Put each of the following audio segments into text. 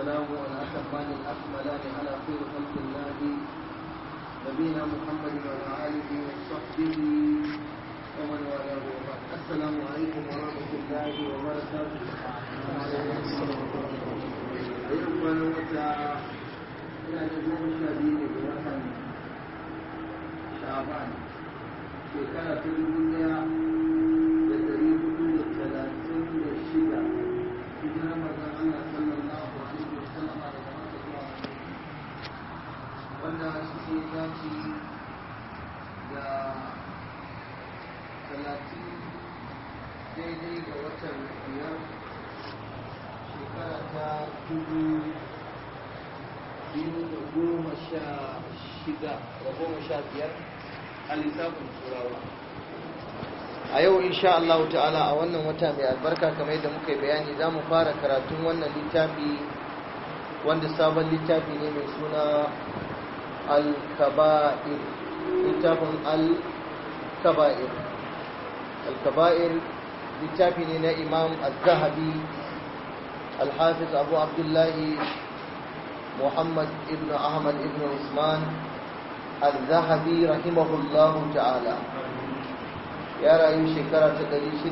السلام والسلام الأتمان الأكملان على خير خلق الله نبينا محمد وعلى آله وصحبه ومن والاه وبعد السلام عليكم ورحمة الله وبركاته أيها الأخوة إلى جزاء الذين بوطن شعبان في في الدنيا sha a a yau insha Allah ta'ala a wannan wata mai albarka kamar yadda muka yi bayani za mu fara karatun wannan littafi wanda sabon littafi ne mai suna al-kaba'ir littafin al-kaba'ir al-kaba'ir littafi ne na imam al-zahabi al-hafiz abu abdullahi muhammad ibn ahmad ibn usman al-zahabi rahimahullahu ta'ala ya rayu shekara ta 663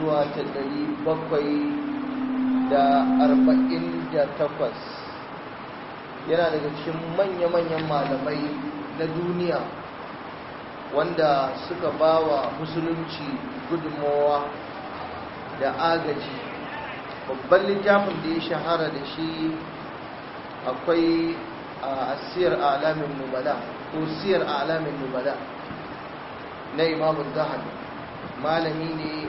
zuwa ta 748 yana daga cikin manya-manyan malamai na duniya wanda suka ba wa musulunci gudunmowa da agaji babban littafin da ya shahara da shi akwai a siyar alamin nubala ko siyar alamin nubala na imamun zahar malami ne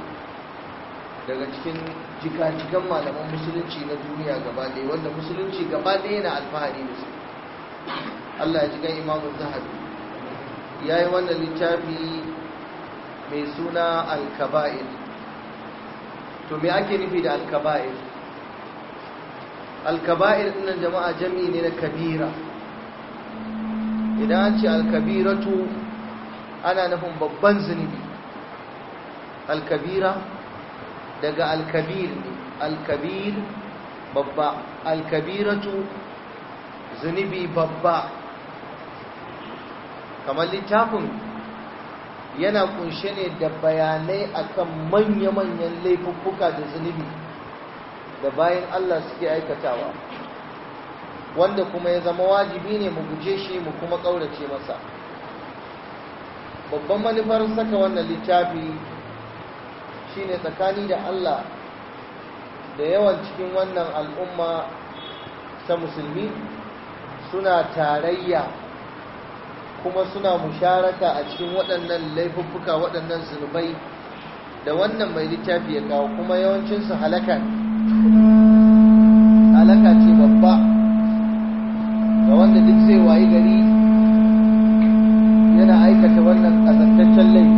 daga cikin jikajikan malaman musulunci na duniya gaba ɗaya wanda musulunci gaba ɗaya na alfahari da su allah ya jikan imamun zahar ya yi wannan littafi mai suna alkaba'il to me ake nufi da alkaba'il alkaba'il ɗinan jama'a jami'i ne na kabira idan ce alkabiratu ana nufin babban zunubi alkabira daga alkabir ne alkabir babba alkabiratu zunubi babba kamar littafin yana kunshe ne da bayanai akan manya-manyan laifuffuka da zunubi da bayan Allah suke aikatawa wanda kuma ya zama wajibi ne mu guje shi mu kuma ƙaurace masa babban manufar saka wannan littafi shine tsakani da Allah da yawan cikin wannan al'umma ta musulmi suna tarayya kuma suna musharaka a cikin waɗannan laifuffuka waɗannan zunubai da wannan mai littafi ya kawo kuma yawancinsu halaka halaka ce babba ga wanda duk zai wayi gari yana aikata wannan ƙazantaccen laifi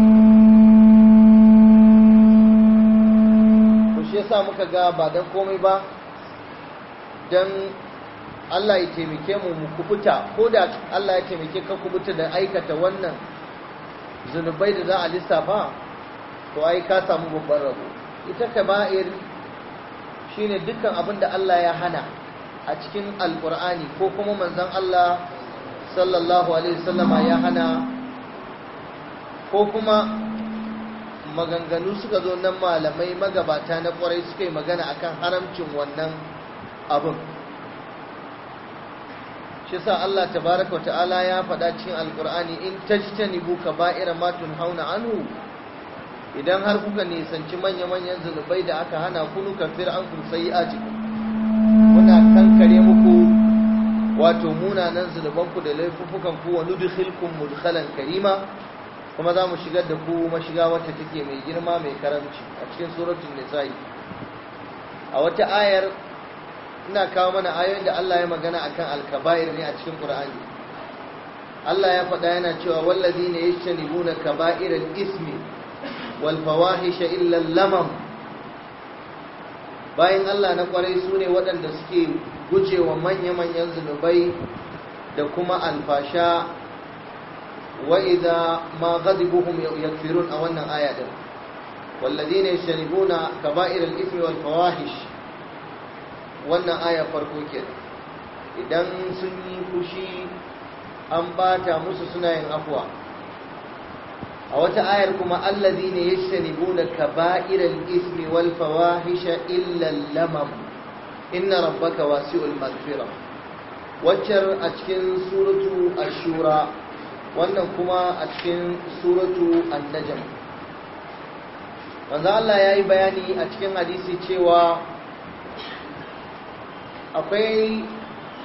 ku shi yasa muka ga ba don komai ba don Allah ya taimake mu mu kubuta ko da Allah ya taimake ka kubuta da aikata wannan zunubai da za a lissafa to ai ka samu babban rabo ita kaba'ir shine dukkan abin da Allah ya hana a cikin alkur'ani ko kuma manzon Allah sallallahu alaihi wasallama ya hana ko kuma maganganu suka zo nan malamai magabata na kwarai suka yi magana akan haramcin wannan abin shi yasa Allah tabaraka ta'ala ya faɗa cikin alkur'ani in ka ba kaba'ira ma hauna anhu idan har kuka nisanci manya-manyan zunubai da aka hana ku nukafir an kun sayi'atikum muna kankare muku wato munanan zunubanku da laifukan ku wa nudkhilkum mudkhalan karima kuma za mu shigar da ku mashiga wacce take mai girma mai karamci a cikin suratul nisa'i a wata ayar ina kawo mana ayoyin da Allah ya magana akan alkaba'ir ne a cikin Qur'ani Allah ya faɗa yana cewa wallazina yajtanibuna kaba'iral ismi wal fawahisha illa lamam bayan Allah na kwarai sune waɗanda suke gujewa manya-manyan zunubai da kuma alfasha wa idza ma ghadibuhum yaghfirun a wannan aya din wallazina yajtanibuna kaba'iral ismi wal wannan ayar farko ke idan sun yi fushi an bata musu suna yin afuwa a wata ayar kuma allazi ne ya shanibu da kaba'irar ismi walfawa hisha illan lamam inna rabbaka wasi'ul magfira waccar a cikin suratu ashura wannan kuma a cikin suratu annajam manzo Allah yi bayani a cikin hadisi cewa akwai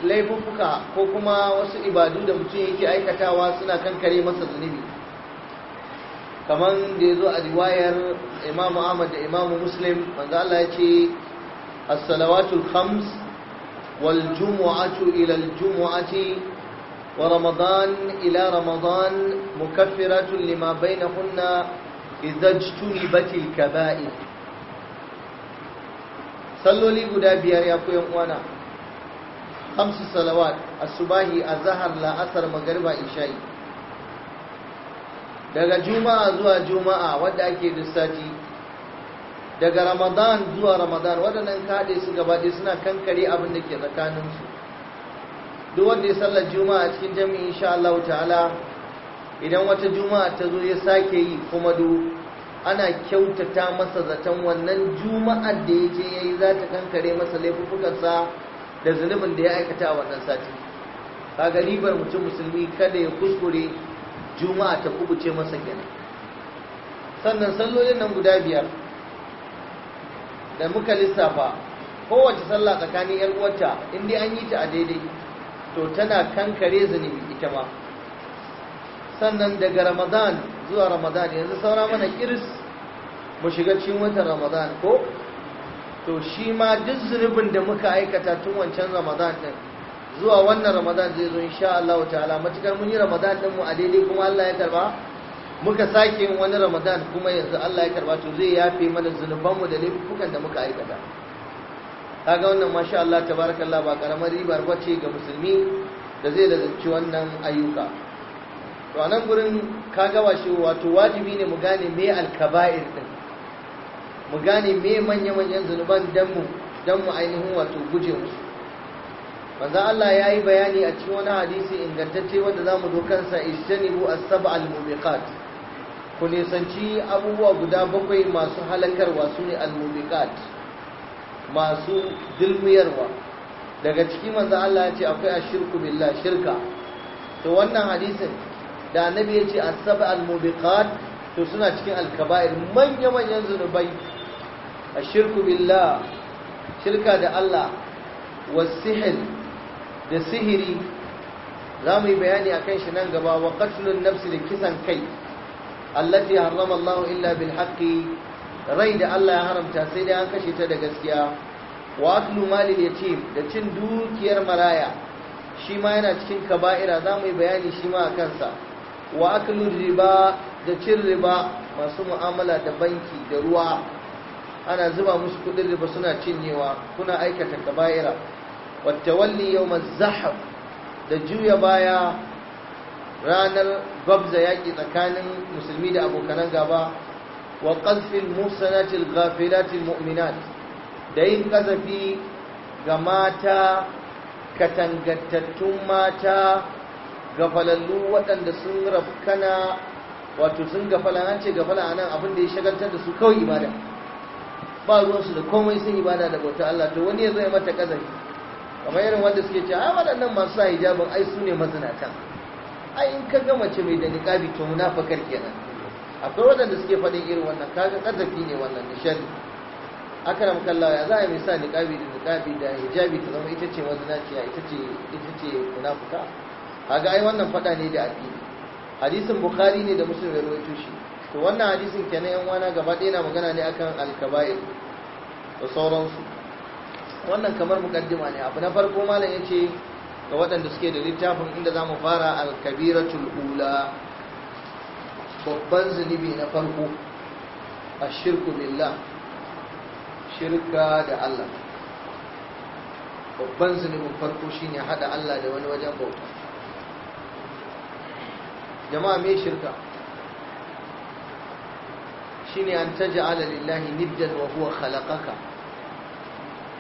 laifuka ko kuma wasu ibadu da mutum yake aikatawa suna kankare masa zunubi kamar da ya zo a riwayar imamu ahmad da Imam muslim manzo Allah ya ce as-salawatul khams wal jumu'atu ila al jumu'ati wa ramadan ila ramadan mukaffiratun lima bainahunna idza jtunibatil kaba'ir salloli guda biyar ya koyan uwana خمس صلوات الصباحي الظهر لا أثر مغربا إشاي daga juma'a zuwa juma'a wadda ake lissafi daga ramadan zuwa ramadan waɗannan kaɗe su gabaɗe suna kankare abin da ke tsakaninsu duk wanda ya sallar juma'a cikin jami'in insha Allah ta'ala idan wata juma'a ta zo ya sake yi kuma du ana kyautata masa zaton wannan juma'ar da yake yayi za ta kankare masa laifukansa da zunubin da ya aikata a wannan sati kaga ribar mutum musulmi kada ya kuskure juma'a ta kubuce masa kenan sannan sallolin nan guda biyar da muka lissafa kowace sallah tsakanin yan uwarta in dai an yi ta a daidai to tana kankare zunubi ita ma sannan daga ramadan zuwa ramadan yanzu saura mana kiris mu shiga cikin watan ramadan ko to shi ma duk zunubin da muka aikata tun wancan ramadan din zuwa wannan ramadan zai zo insha Allah ta'ala matukar mun yi ramadan din mu a daidai kuma Allah ya karba muka sake yin wani ramadan kuma yanzu Allah ya karba to zai yafe mana zunuban mu da laifukan da muka aikata kaga wannan masha Allah tabarakallah ba karamar ribar ce ga musulmi da zai lazanci wannan ayyuka to anan gurin kaga washi wato wajibi ne mu gane me al-kaba'ir din mu gane me manya-manyan zunuban don mu ainihin wato guje musu banza Allah ya yi bayani a cikin wani hadisi ingantacce wanda za mu dokansa ishanibu asaba al-mubiqat ku nisanci abubuwa guda bakwai masu halakarwa su ne al-mubiqat masu dilmiyarwa daga cikin manzan Allah ya ce akwai ashirku billah shirka to wannan hadisin da annabi ya ce asaba al-mubiqat to suna cikin al-kaba'ir manya-manyan zunubai ashirku billah shirka da Allah wasihir da sihiri za mu yi bayani a kan shi nan gaba wa katlun nafsi da kisan kai allati harrama Allah illa bil haqqi rai da Allah ya haramta sai dai an kashe ta da gaskiya wa aklu malil yatim da cin dukiyar maraya shi ma yana cikin kaba'ira za mu yi bayani shi ma a kansa wa aklu riba da cin riba masu mu'amala da banki da ruwa ana zuba musu kudin riba suna cinyewa kuna aikata kaba'ira wattawalli ma zahar da juya baya ranar gwabza yaki tsakanin musulmi da abokan gaba wa qadfil muhsanatil ghafilatil mu'minat da yin ƙazafi ga mata katangattattun mata gafalallu waɗanda sun rafkana wato sun gafala an ce gafala anan abin da ya shagaltar da su kawai ibada ba ruwansu da komai sun ibada da bauta Allah to wani ya zo ya mata kazari kamar irin wanda suke ce ai waɗannan masu sa hijabin ai su ne mazinata ai in ka ga mace mai da niqabi to munafakar kenan akwai waɗanda suke faɗin irin wannan kaga kazafi ne wannan nishadi akaram kallawa ya za a mai sa niqabi da niqabi da hijabi ta zama ita ce mazinaciya ita ce ita ce munafuka kaga ai wannan faɗa ne da addini hadisin bukhari ne da muslim ya rawaito shi to wannan hadisin kenan yan wana gaba ɗaya na magana ne akan alkaba'ir da sauransu wannan kamar mukaddima ne abu na farko malam yace ga waɗanda suke da littafin inda zamu fara alkabiratul ula babban zunubi na farko ashirku billah shirka da Allah babban zunubin farko shine hada Allah da wani wajen bauta jama'a me shirka shine an taj'ala lillahi niddan wa huwa khalaqaka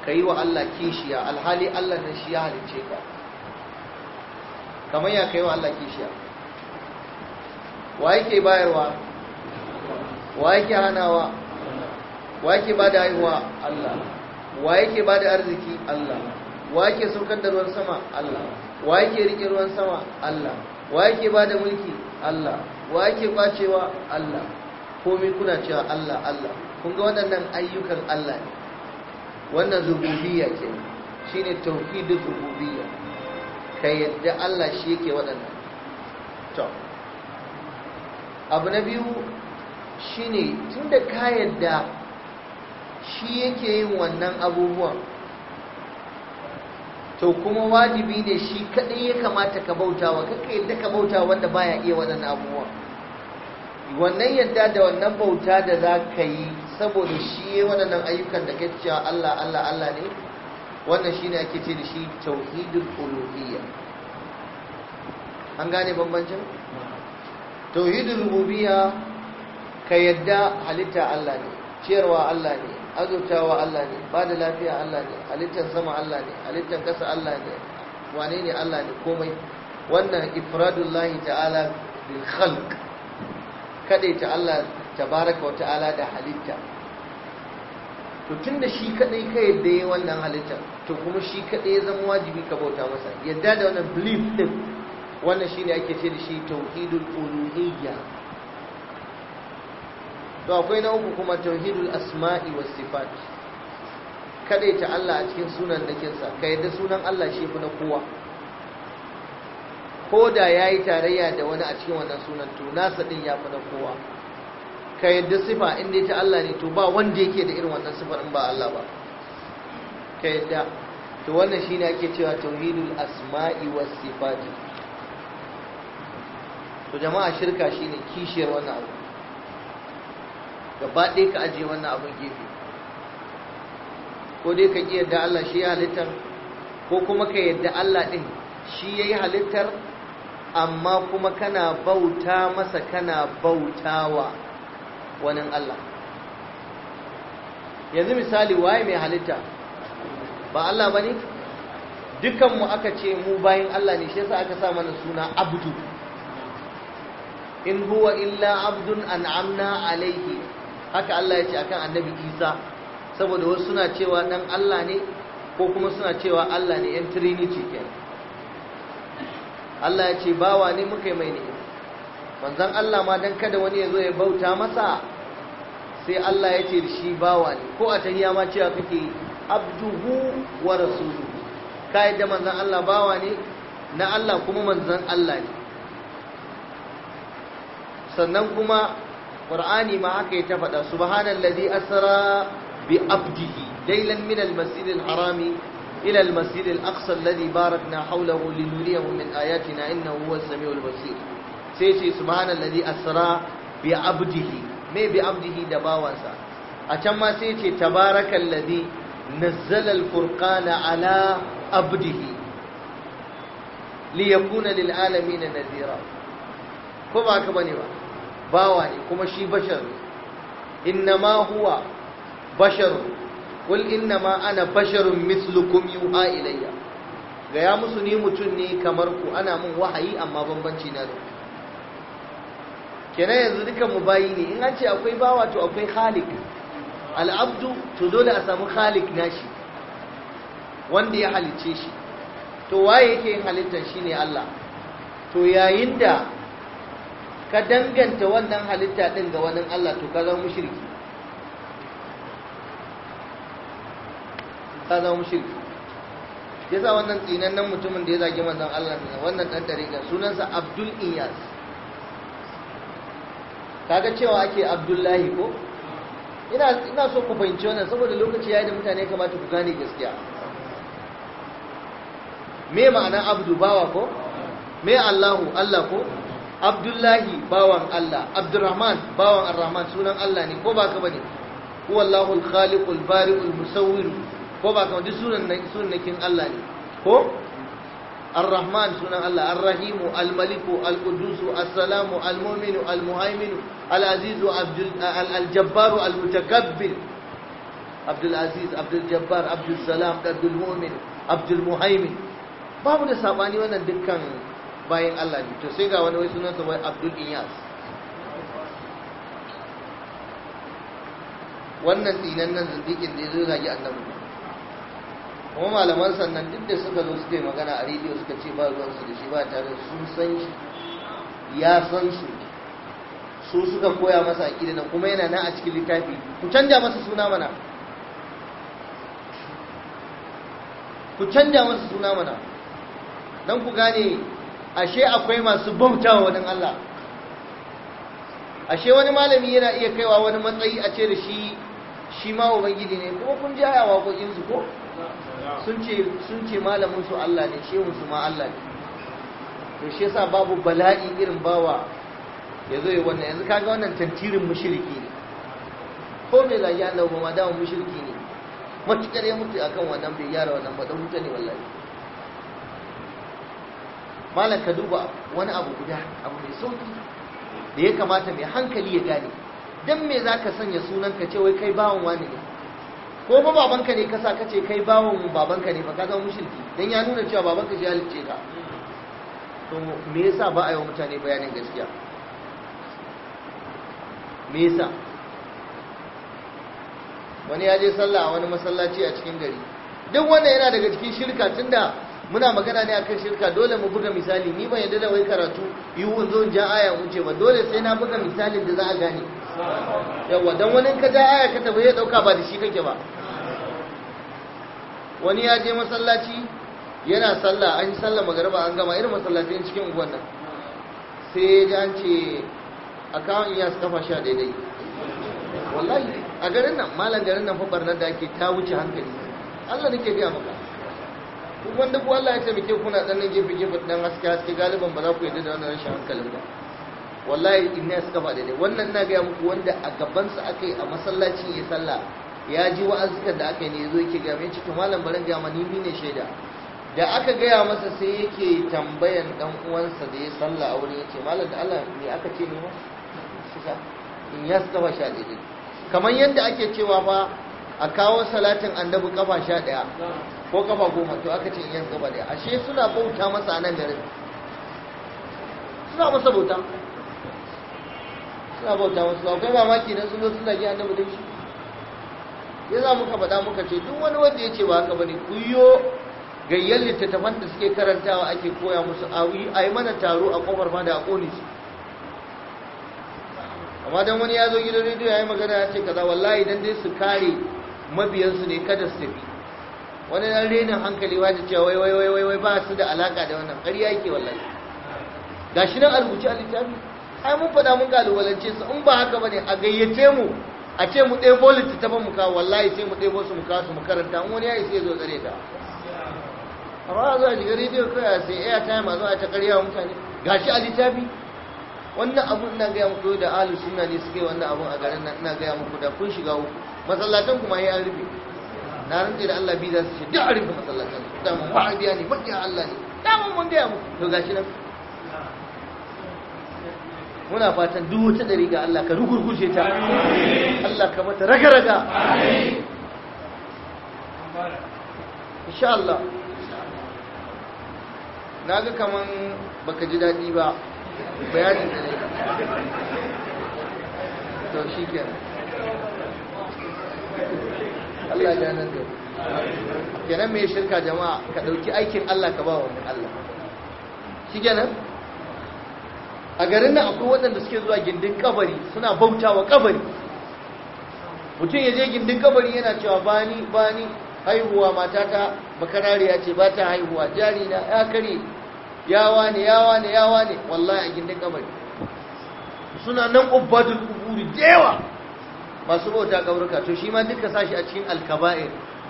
kai wa Allah kishiya alhali Allah ne shi ya halice ka kamar ya kai wa Allah kishiya wa yake bayarwa wa yake hanawa wa yake bada haihuwa Allah wa yake bada arziki Allah wa yake saukar da ruwan sama Allah wa yake rike ruwan sama Allah wa yake bada mulki Allah wa yake kwacewa Allah komai kuna cewa Allah Allah kun ga waɗannan ayyukan Allah ne wannan ce ke ne Tauhidu rububiyya ka yadda Allah shi yake waɗannan to abu na biyu shi tun da ka yadda shi yake yin wannan abubuwan to kuma wajibi ne shi kaɗai ya kamata ka bautawa kakka yadda ka bauta wanda baya iya waɗannan abubuwan wannan yadda da wannan bauta da za ka yi saboda shi waɗannan ayyukan da ke cewa Allah Allah Allah ne wannan shi ne ake ce da shi tauhidul uluhiyya an gane bambancin tauhidul rububiyya ka yadda halitta Allah ne ciyarwa Allah ne azurtawa Allah ne ba da lafiya Allah ne halittar sama Allah ne halittar kasa Allah ne wane ne Allah ne komai wannan ifradullahi ta'ala bil khalq ta Allah tabaraka wa ta'ala da halitta to tunda shi kadai ka yadda yayi wannan halitta to kuma shi kadai ya zama wajibi ka bauta masa yadda da wannan belief din wannan shine ake ce da shi tauhidul uluhiyya to akwai na uku kuma tauhidul asma'i was sifat ta Allah a cikin sunan dakinsa ka yadda sunan Allah shi fi na kowa ko da ya yi tarayya da wani a cikin wannan sunan to nasa ɗin ya fi na kowa ka yadda sifa in dai ta Allah ne to ba wanda yake da irin wannan sifar in ba Allah ba ka yadda to wannan shine ake cewa tauhidul asma'i was sifati to jama'a shirka shine kishiyar wannan abu gaba ɗaya ka ajiye wannan abun gefe ko dai ka ƙi yadda Allah shi ya halittar ko kuma ka yadda Allah ɗin shi ya yi halittar amma kuma kana bauta masa kana bautawa wani Allah yanzu misali waye mai halitta ba Allah ba ne? dukanmu aka ce mu bayan Allah ne shi yasa aka sa mana suna abdu in huwa illa abdun an'amna alayhi haka Allah ya ce akan annabi Isa saboda wasu suna cewa dan Allah ne ko kuma suna cewa Allah ne yan trinity kenan Allah ya ce bawa ne muka yi mai ni'ima manzon Allah ma dan kada wani ya zo ya bauta masa sai Allah ya ce shi bawa ne ko a tahiya ma cewa kake abduhu wa rasuluhu ka da manzon Allah bawa ne na Allah kuma manzon Allah ne sannan kuma Qur'ani ma haka ya ta faɗa subhanallazi asra bi abdihi laylan min al-masjidil harami إلى المسجد الأقصى الذي باركنا حوله لنريه من آياتنا إنه هو السميع البصير سيتي سبحان الذي أسرى بعبده ما بعبده دباوسا أتما سيتي تبارك الذي نزل الفرقان على عبده ليكون للعالمين نذيرا كما كبني با باواني كما شي بشر إنما هو بشر qul innama ana basharun mithlukum yuha ilayya ga ya musu ni mutum ne kamar ku ana mun wahayi amma bambanci na da kenan yanzu duka mu bayi ne in an ce akwai bawa to akwai khaliq abdu to dole a samu khaliq nashi wanda ya halice shi to waye yake yin halittar shine Allah to yayin da ka danganta wannan halitta din ga wani Allah to ka zama mushriki ka zama ya sa wannan tsinannen mutumin da ya zage manzon Allah wannan dan dariƙa sunansa Abdul Iyas kaga cewa ake Abdullahi ko ina ina so ku fahimci wannan saboda lokaci yi da mutane kamata ku gane gaskiya me ma'ana abdu bawa ko me Allahu Allah ko Abdullahi bawan Allah Abdurrahman bawan Arrahman sunan Allah ne ko ba ka bane huwallahu al Al-bari, al musawwiru ko ba kamar duk sunan Allah ne ko الرحمن سنة الله الرحيم الملك القدوس السلام المؤمن المهيمن العزيز الجبار المتكبر عبد العزيز عبد الجبار عبد السلام عبد المؤمن عبد babu da sabani wannan dukkan bayan Allah ne to sai ga wani wai sunansa wai Abdul Iyas wannan tsinan nan zindikin da ya zo zagi annabi kuma malaman sannan duk da suka zo suka yi magana a rediyo suka ce ba ruwan su da shi ba tare sun san shi ya san su su suka koya masa aƙida na kuma yana nan a cikin littafi ku canja masa suna mana ku canja masa suna mana don ku gane ashe akwai masu bautawa wani Allah ashe wani malami yana iya kaiwa wani matsayi a ce da shi shi ma ubangiji ne kuma kun ji aya waƙoƙinsu ko sun ce sun ce malamin su Allah ne shehun su ma Allah ne to shi yasa babu bala'i irin bawa ya zo yi wannan yanzu kaga wannan tantirin mushriki ne ko mai zagi Allah ba ma dawo mushriki ne matukar ya mutu akan wannan bai yara wannan ba don mutane ne wallahi malam ka duba wani abu guda abu mai sauki da ya kamata mai hankali ya gane dan me zaka sanya sunan ka ce wai kai bawon wani ne ko ba babanka ne kasa ka ce kai bawon babanka ne ba ka zama mushirki dan ya nuna cewa babanka shi halicce ka to me yasa ba a yi wa mutane bayanin gaskiya me yasa wani ya je sallah a wani masallaci a cikin gari duk wanda yana daga cikin shirka tunda muna magana ne akan shirka dole mu buga misali ni ban yadda da wai karatu wun zo ja aya ce ba dole sai na buga misalin da za a gane yawa dan wani ka ja aya ka tabbai ya dauka ba da shi kake ba wani ya je masallaci yana sallah an yi sallah magariba an gama irin masallacin cikin unguwan nan sai ya ji an ce akawun iya su kafa sha daidai wallahi a garin nan malam garin nan fabar nan da ake ta wuce hankali allah nake biya maka duk wanda ku allah ya muke kuna dan nan gefe gefe dan haske haske galiban ba za ku yadda da wannan rashin hankalin ba wallahi inna ya su kafa daidai wannan na gaya muku wanda a gabansa aka yi a masallaci ya sallah ya ji wa'azukan da aka yi ne zo yake game cikin malam barin gama ni ne shaida da aka gaya masa sai yake tambayan dan uwansa da ya salla a wurin yace malam da Allah me aka ce ne ma in ya yastawa sha dai kamar yadda ake cewa fa a kawo salatin annabi kafa sha daya ko kafa goma to aka ce in yastawa daya ashe suna bauta masa a nan garin suna masa bauta suna bauta masa akwai mamaki dan sun zo sun ji annabi dai shi ya za muka faɗa muka ce duk wani wanda ya ce ba haka bane kuyo gayyar littattafan da suke karantawa ake koya musu a yi mana taro a kofar ma da a ƙone su amma don wani ya zo gidan rediyo ya yi magana ya ce kaza wallahi dan dai su kare mabiyansu ne kada su tafi wani dan rena hankali wajen cewa wai wai wai wai ba su da alaka da wannan ƙarya yake wallahi gashi nan a rubuce a littafi ai mun faɗa mun galibalance su in ba haka bane a gayyace mu a ce mu ɗebo ta mu muka wallahi sai mu ɗebo su mu su makaranta karanta wani ya sai zo tsare ta amma a zuwa shiga rediyo kawai a sai ya ta a zuwa ta karya wa mutane gashi a littafi wannan abu ina gaya muku da alu suna ne suke wannan abun a garin nan ina gaya muku da kun shiga uku masallatan kuma ya an rufe na rantse da Allah bi za su ce duk a rufe masallatan da a biya ne maƙiya Allah ne da mun gaya muku to gashi nan muna fatan duk wata ɗari ga Allah ka rugurguje ta Allah ka mata raga-raga insha Allah na ga kaman baka ji daɗi ba bayani da ne to shi Allah ya nan da kenan me shirka jama'a ka ɗauki aikin Allah ka ba wa Allah shi a garin nan akwai waɗanda suke zuwa gindin kabari suna bautawa kabari mutum ya je gindin kabari yana cewa bani bani haihuwa matata bakarariya ce ba ta haihuwa jari na ya kare yawa ne yawa ne yawa ne wallahi a gindin kabari suna nan ubbadul kuburi jewa masu bauta kaburka to shi ma duka sashi a cikin alkaba'ir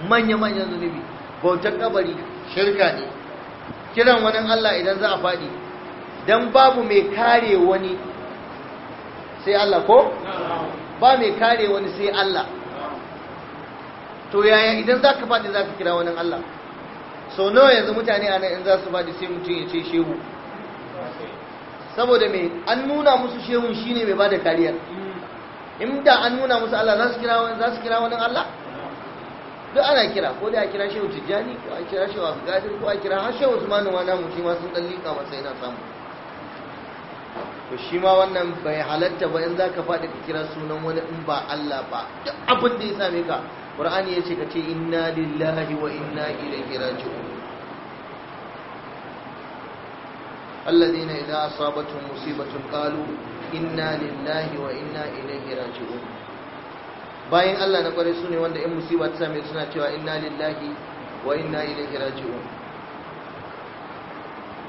manya-manyan zunubi bautar kabari shirka ne kiran wani Allah idan za a faɗi don babu mai kare wani sai Allah ko? ba mai kare wani sai Allah to yaya idan za ka faɗi za ka kira wani Allah so nawa yanzu mutane a nan in za su faɗi sai mutum ya ce shehu saboda mai an nuna musu shehu shine mai ba da kariyar in da an nuna musu Allah za su kira wani Allah duk ana kira ko da a kira shehu tijjani ko a kira shehu gadir ko a kira har shehu usmanu wa na mutum, ma sun dan lika masa yana samu to shi ma wannan bai halatta ba in ka faɗi ka kira sunan wani in ba Allah ba duk abin da ya same ka ya ce ka ce inna lillahi wa inna ilaihi raji'un alladhina idza asabatuhum musibatun qalu inna lillahi wa inna ilaihi raji'un bayan Allah na kware su ne wanda in musiba ta same suna cewa inna lillahi wa inna ilaihi raji'un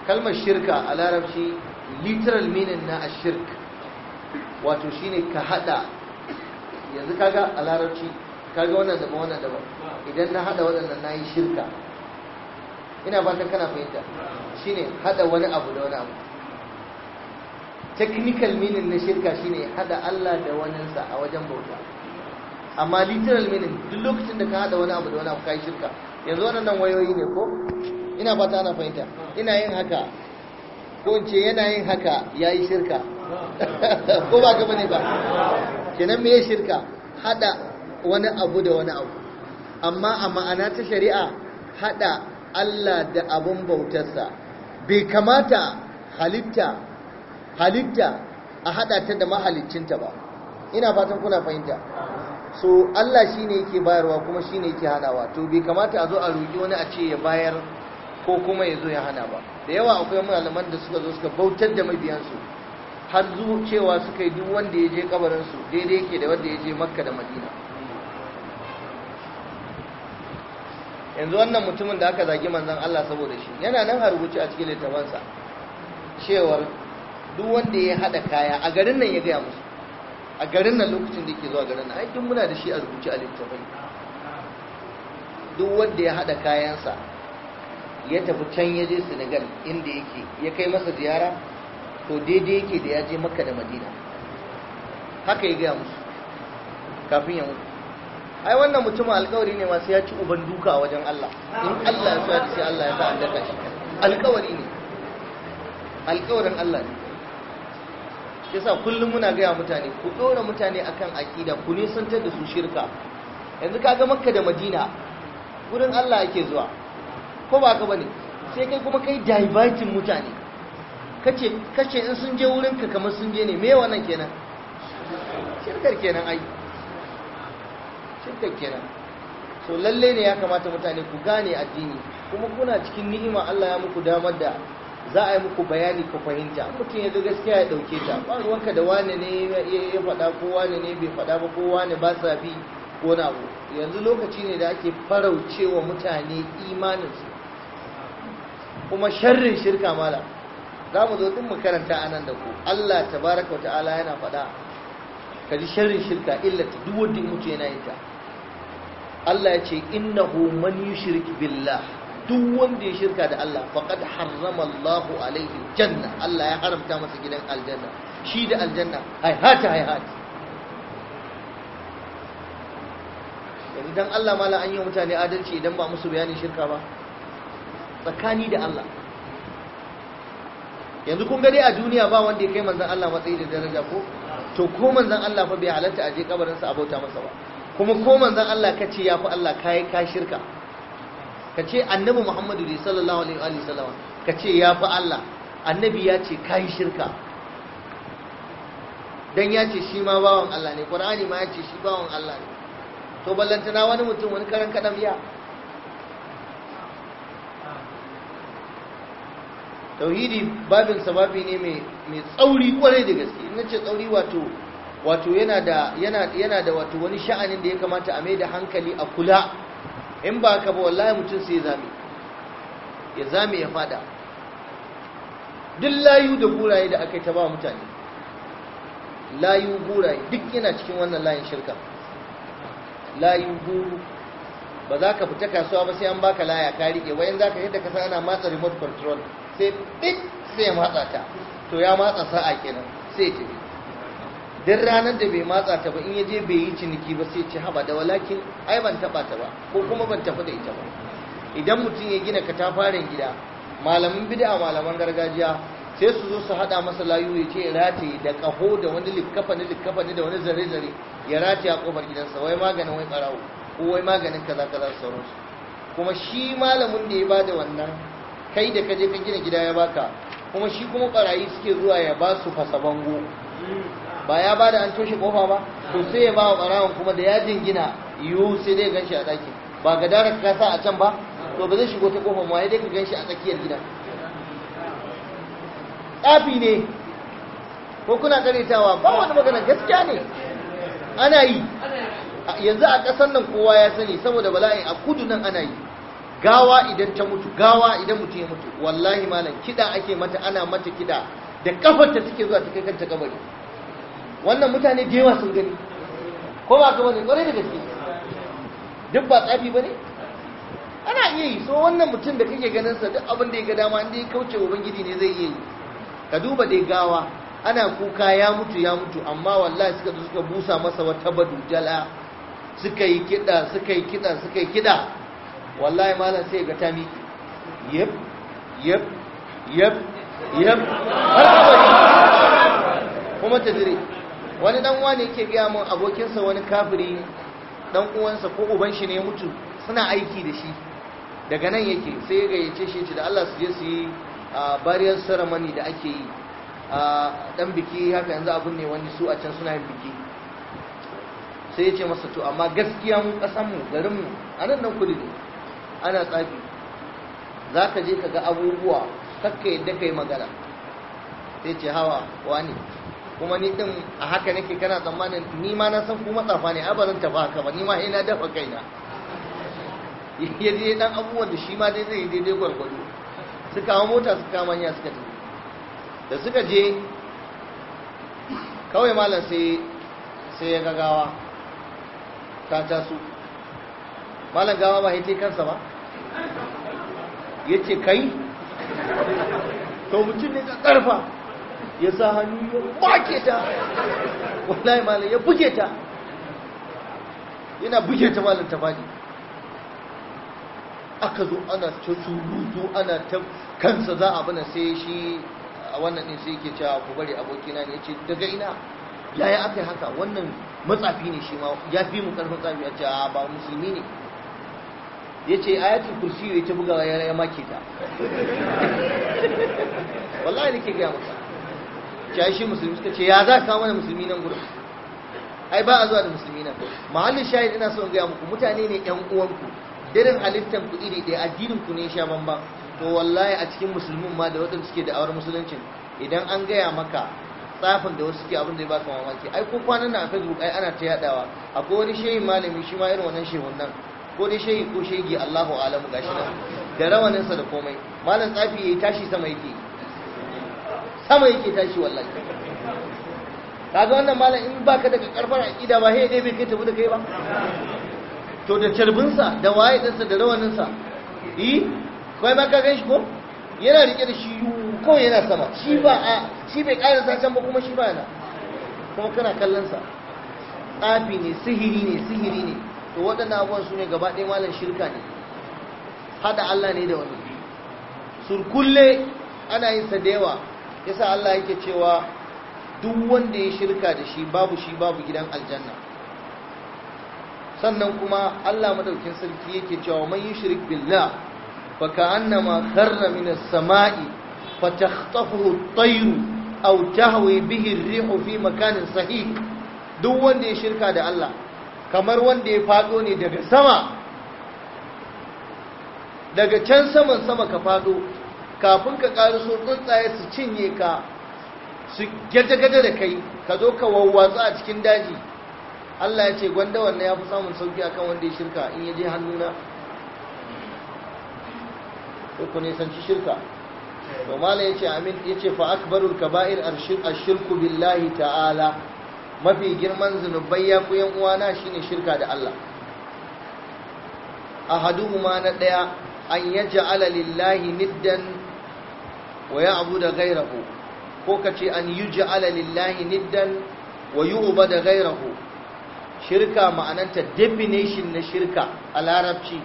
kalmar shirka a larabci literal meaning na ashirk wato shine ka hada yanzu kaga a larabci kaga wannan ba wannan da ba, idan na hada waɗannan na yi shirka ina fatan kana fahimta shine hada wani abu da wani abu technical meaning na shirka shine hada Allah da waninsa a wajen bauta amma literal meaning duk lokacin da ka hada wani abu da wani abu kai shirka yanzu waɗannan wayoyi ne ko ina ta ana fahimta ina yin haka ko in ce yana yin haka ya yi shirka ko ba ka bane ba kenan me shirka hada wani abu da wani abu amma a ma'ana ta shari'a hada Allah da abun bautarsa bai kamata halitta halitta a hada ta da mahalicinta ba ina fatan kuna fahimta so Allah shi ne yake bayarwa kuma shi ne yake hanawa, to bai kamata a zo a roƙi wani a ce ya bayar ko kuma ya zo ya hana ba da yawa akwai malaman da suka zo suka bautar da mabiyansu har zuwa cewa suka yi duk wanda ya je kabarinsu daidai yake da wanda ya je makka da madina yanzu wannan mutumin da aka zagi manzan Allah saboda shi yana nan harbuci a cikin littafansa cewar duk wanda ya haɗa kaya a garin nan ya gaya musu a garin nan lokacin da yake zuwa garin nan aikin muna da shi a rubuce a littafai duk wanda ya haɗa kayansa ya tafi can ya je senegal inda yake ya kai masa ziyara to daidai yake da ya je makka da madina haka ya gaya musu kafin ya mutu ai wannan mutumin alkawari ne masu ya ci uban duka a wajen Allah in Allah ya sa sai Allah ya sa an shi alkawari ne alkawarin Allah ne sa kullum muna gaya mutane ku ɗora mutane akan aƙida ku nisantar da su shirka yanzu kaga makka da madina wurin Allah ake zuwa ko ba ka bane sai kai kuma kai diverting mutane kace kace in sun je wurin ka kamar sun je ne me wannan kenan shirkar kenan ai shirkar kenan so lalle ne ya kamata mutane ku gane addini kuma kuna cikin ni'ima Allah ya muku damar da za a yi muku bayani ku fahimta mutum ya gaskiya ya dauke ta ba ruwanka da wane ne ya faɗa ko wane ne bai faɗa ba ko wane ba sa bi ko na abu yanzu lokaci ne da ake faraucewa mutane imaninsu kuma sharrin shirka mala za mu zo din mu karanta a nan da ku Allah tabaraka wa ta'ala yana faɗa ka ji sharrin shirka illata duk wanda mutu yana yin ta Allah ya ce innahu man yushrik billah duk wanda ya shirka da Allah faqad harrama Allahu alaihi janna Allah ya haramta masa gidan aljanna shi da aljanna hai hata hai hata yanzu dan Allah mala an yi mutane adalci idan ba musu bayanin shirka ba tsakani da Allah yanzu kun gani a duniya ba wanda ya kai manzan Allah matsayi da daraja ko to ko manzan Allah fa bai halatta a je kabarinsa a bauta masa ba kuma ko manzan Allah ka ce ya fi Allah kayi ka shirka ka ce annabi Muhammadu ne sallallahu alaihi wa sallam ka ce ya fi Allah annabi ya ce kayi shirka dan ya ce shi ma bawan Allah ne Qur'ani ma ya ce shi bawan Allah ne to ballantana wani mutum wani karan kadan ya tauhidi babin sababi ne mai tsauri kwarai da gaske Ina ce tsauri wato wato yana da yana yana da wato wani sha'anin da ya kamata a mai da hankali a kula in ba ka ba wallahi mutum sai ya zame ya zame ya fada duk layu da guraye da aka yi ta ba mutane layu guraye duk yana cikin wannan layin shirka layu guru ba za ka fita kasuwa ba sai an baka laya ka rike wayan za ka yadda ka san ana matsa remote control sai bit sai matsa ta to ya matsa sa'a kenan sai tafi don ranar da bai matsa ta ba in ya je bai yi ciniki ba sai ci haba da walakin ai ban taba ta ba ko kuma ban tafi da ita ba idan mutum ya gina katafaren gida malamin bid'a malaman gargajiya sai su zo su hada masa layu ya ce rataye da kaho da wani likkafa ne likkafa ne da wani zare zare ya rataye a kofar gidansa wai maganin wai barawo ko wai maganin kaza kaza sauransu kuma shi malamin da ya bada wannan kai da kaje ka gina gida ya baka kuma shi kuma barayi suke zuwa ya ba su fasa bango ba ya ba da an toshe kofa ba to sai ya ba wa barawan kuma da yajin gina yiwu sai dai ganshi a ɗakin ba ga dara ka sa a can ba to ba zai shigo ta kofar ma dai ka ganshi a tsakiyar gida tsafi ne ko kuna karetawa ba wani magana gaskiya ne ana yi yanzu a ƙasar nan kowa ya sani saboda bala'i a kudu nan ana yi gawa idan ta mutu gawa idan mutum ya mutu wallahi malam kida ake mata ana mata kida da kafarta take zuwa ta kai kanta kabari wannan mutane da yawa sun gani ko ba ka bane kware da gaske duk ba tsafi bane ana iya yi so wannan mutum da kake ganin sa duk abin da ya ga dama inda ya kauce ubangiji ne zai iya yi ka duba dai gawa ana kuka ya mutu ya mutu amma wallahi suka zo suka busa masa wata badujala suka yi kida suka yi kida suka yi kida wallahi malam sai ga tami yep yep yep yep kuma ta dire wani dan wani yake biya mun abokinsa wani kafiri dan uwansa ko uban shi ne ya mutu suna aiki da shi daga nan yake sai ya gayyace shi ce da Allah su je su yi bariyar ceremony da ake yi dan biki haka yanzu abun ne wani su a can suna yin biki sai ya ce masa to amma gaskiya mun kasan mu garin mu anan nan kudi ne ana tsafi za ka je ka ga abubuwa kakka yadda ka yi magana sai ce hawa wani kuma ni din a haka nake kana tsammanin ni ma na san ku matsafa ne ba ta ba haka ba ni ma ina dafa kaina ya je dan abubuwan da shi ma dai zai daidai gwargwado suka hawa mota suka kama hanya suka tafi da suka je kawai malam sai sai ya gagawa ta taso malam gawa ba ya kansa ba ya ce kai to mutum ne ka karfa ya sa hannu ya bake ta wallahi malam ya buge ta yana buge ta malam ta bani? aka zo ana ta surutu ana ta kansa za a bana sai shi a wannan ɗin sai yake cewa ku bari abokina ne ya ce daga ina yaya aka yi haka wannan matsafi ne shi ma ya fi mu karfin tsafi ya ce a ba musulmi ne ya ce ayatul kursi ya ta buga ya make ta wallahi da ke gaya maka shi musulmi suka ce ya za ka kawo mana musulmi nan gurin ai ba a zuwa da musulmi nan mahallin shahid ina son gaya muku mutane ne yan uwanku dirin halittar ku iri ɗaya addinin ku ne sha bamba to wallahi a cikin musulmin ma da waɗanda suke da'awar musuluncin idan an gaya maka tsafin da wasu suke abin da ya baka mamaki ai ko kwanan nan a facebook ai ana ta yadawa akwai wani shehin malami shi ma irin wannan shehun nan ko dai shehi ko shegi Allahu alamu gashi nan da rawaninsa da komai malam tsafi yayi tashi sama yake sama yake tashi wallahi kaga wannan malam in baka daga karfar aqida ba he dai bai kai tabu da kai ba to da carbinsa da waye dinsa da rawaninsa eh kai ma ka gan shi ko yana rike da shi ko yana sama shi ba a shi bai ƙara can ba kuma shi ba yana kuma kana kallon sa tsafi ne sihiri ne sihiri ne to waɗannan abubuwan su ne gaba ɗaya malam shirka ne haɗa Allah ne da wani surkulle ana yin sa da yawa yasa Allah yake cewa duk wanda ya shirka da shi babu shi babu gidan aljanna sannan kuma Allah madaukin sarki yake cewa man yushrik billah fa annama kharra min as-sama'i takhtafuhu at-tayru aw tahwi bihi ar-rihu fi makanin sahih duk wanda ya shirka da Allah kamar wanda ya fado ne daga sama daga can saman sama ka fado kafin ka so tsuntsaye su cinye ka su gaje-gaje da kai ka zo ka wawwatsu a cikin daji Allah ya ce gwanda wannan ya fi samun sauki akan wanda ya shirka in ya je hannuna ku nisanci shirka to mala ya ce amin ya ce fa akbarul kaba'ir ashirku billahi ta'ala mafi girman zunubai ya ku yan uwana shine shirka da Allah ahaduhuma na daya an yaj'ala lillahi niddan wa ya'budu ghayrahu ko kace an yuj'ala lillahi niddan wa yu'badu ghayrahu shirka ma'ananta definition na shirka a larabci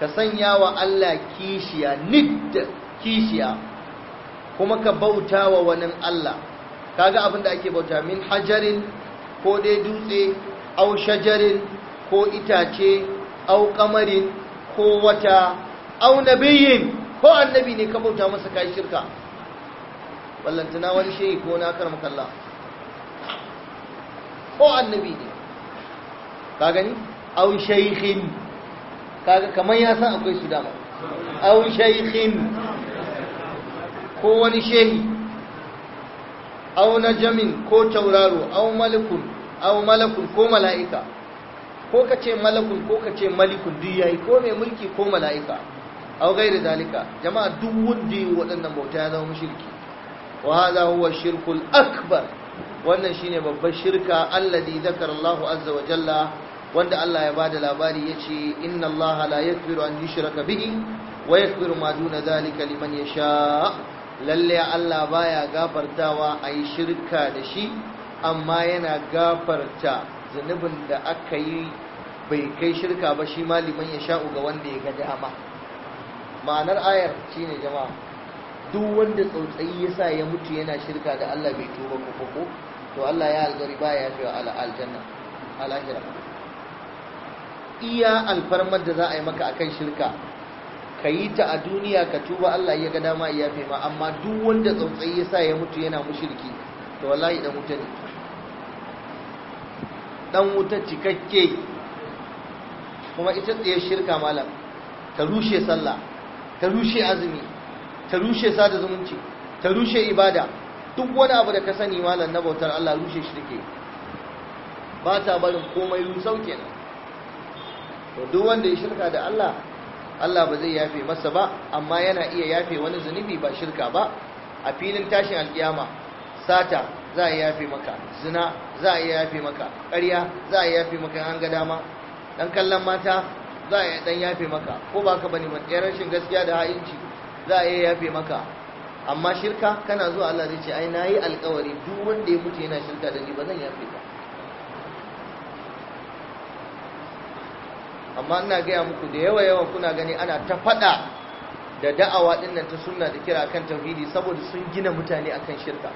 ka sanya wa Allah kishiya niddan kishiya kuma ka bauta wa wani Allah kaga abin da ake bauta min hajarin ko dai dutse au shajarin ko itace au kamarin ko wata au nabiyin ko annabi ne ka bauta masa kai shirka ballantana wani shehi ko na karma kalla ko annabi ne ka gani au shaykhin kaga kamar ya san akwai su dama au shaykhin ko wani shehi aw jamin ko tauraro aw malakun aw malakun ko mala'ika ko ka ce malakun ko ka ce malikun duk yayi ko mai mulki ko mala'ika aw gairu zalika jama'a duk wanda waɗannan bauta ya zama mushriki wa hadha huwa shirkul akbar wannan shine babbar shirka alladhi zakar Allah azza wa jalla wanda Allah ya bada labari yace inna Allah la yakbiru an yushraka bihi wa yakbiru ma duna dhalika liman yasha' lalle Allah baya gafartawa a yi shirka da shi amma yana gafarta zunubin da aka yi bai kai shirka ba shi ma liman ya sha'u ga wanda ya ga dama ma'anar ayar shine jama'a duk wanda tsautsayi ya sa ya mutu yana shirka da Allah bai tuba ko ko to Allah ya alzari baya ya fiye aljanna alahira iya alfarmar da za a yi maka akan shirka ka yi ta a duniya ka tuba Allah ya ga dama ya fi ma amma duk wanda tsautsayi ya sa ya mutu yana mushriki to wallahi dan wuta ne dan wuta cikakke kuma ita tsaye shirka malam ta rushe sallah ta rushe azumi ta rushe sada zumunci ta rushe ibada duk wani abu da ka sani malam na bautar Allah rushe shirke ba ta barin komai rusau kenan to duk wanda ya shirka da Allah Allah ba zai yafe masa ba amma yana iya yafe wani zunubi ba shirka ba a filin tashin alkiyama sata za a yafe maka zina za a yafe maka ƙarya za a yafe maka an ga dama dan kallon mata za a dan yafe maka ko ba ka bane ɗaya rashin gaskiya da ha'inci za a yafe maka amma shirka kana zuwa Allah zai ce ai nayi alƙawari duk wanda ya mutu yana shirka da ni ba zan yafe ba amma ina gaya muku da yawa yawa kuna gani ana ta faɗa da da'awa ɗin nan ta sunna da kira kan tauhidi saboda sun gina mutane akan shirka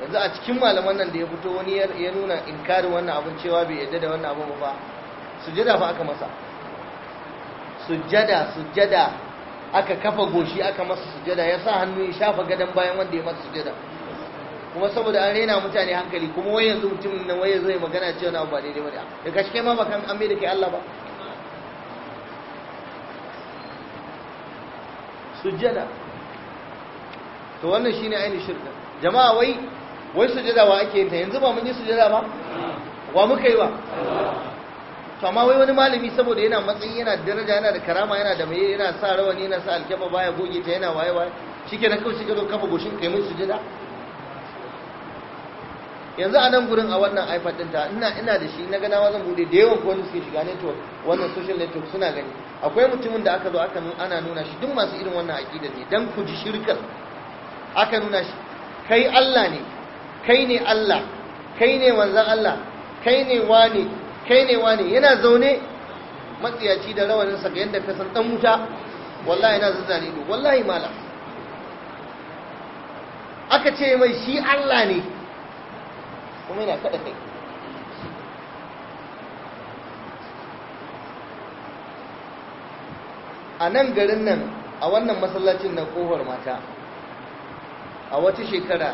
yanzu a cikin malaman nan da ya fito wani ya nuna inkarin wannan abin cewa bai yarda da wannan abin ba sujada fa aka masa sujada sujada aka kafa goshi aka masa sujada ya sa hannu ya shafa gadon bayan wanda ya masa sujada kuma saboda an rena mutane hankali kuma wai yanzu mutumin nan wai yazo ya magana cewa na ba daidai bane da gaske ma bakan an bai da kai Allah ba sujjada to wannan shine ainihin shirka jama'a wai wai sujjada wa ake yin ta yanzu ba mun yi sujjada ba wa muka yi ba? to amma wai wani malami saboda yana matsayi yana daraja yana da karama yana da mai yana sa rawani yana sa alkaba baya goge ta yana waye waye na kawai shi ka zo kafa goshin kai mun sujjada yanzu a nan gurin a wannan ipad ɗinta ina ina da shi na gana zan bude da yawan kowanne suke shiga network wannan social network suna gani akwai mutumin da aka zo aka nuna ana nuna shi duk masu irin wannan aƙidar ne dan ku ji shirkar aka nuna shi kai Allah ne kai ne Allah kai ne wanzan Allah kai ne wane. kai ne wane yana zaune matsiyaci da rawanin sa yadda ka san dan wuta wallahi yana zazzare ni, wallahi mala aka ce mai shi Allah ne kuma yana kada kai a nan garin nan a wannan masallacin na kohar mata a wata shekara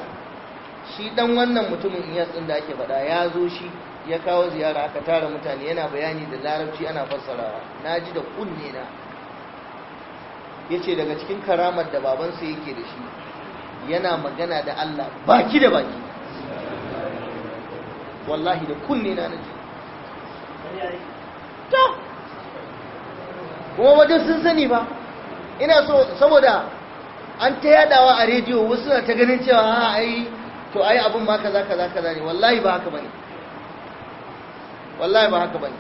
shi ɗan wannan mutumin iyatsun da ake faɗa ya zo shi ya kawo ziyara aka tara mutane yana bayani da larabci ana fassarawa na ji da kunne na ya ce daga cikin karamar da babansa yake da shi yana magana da allah baki da baki wallahi da kunne na naji to kuma wajen sun sani ba ina so saboda an ta yadawa a rediyo wasu na ta ganin cewa ha ai to ai abun ma kaza kaza kaza ne wallahi ba haka bane wallahi ba haka bane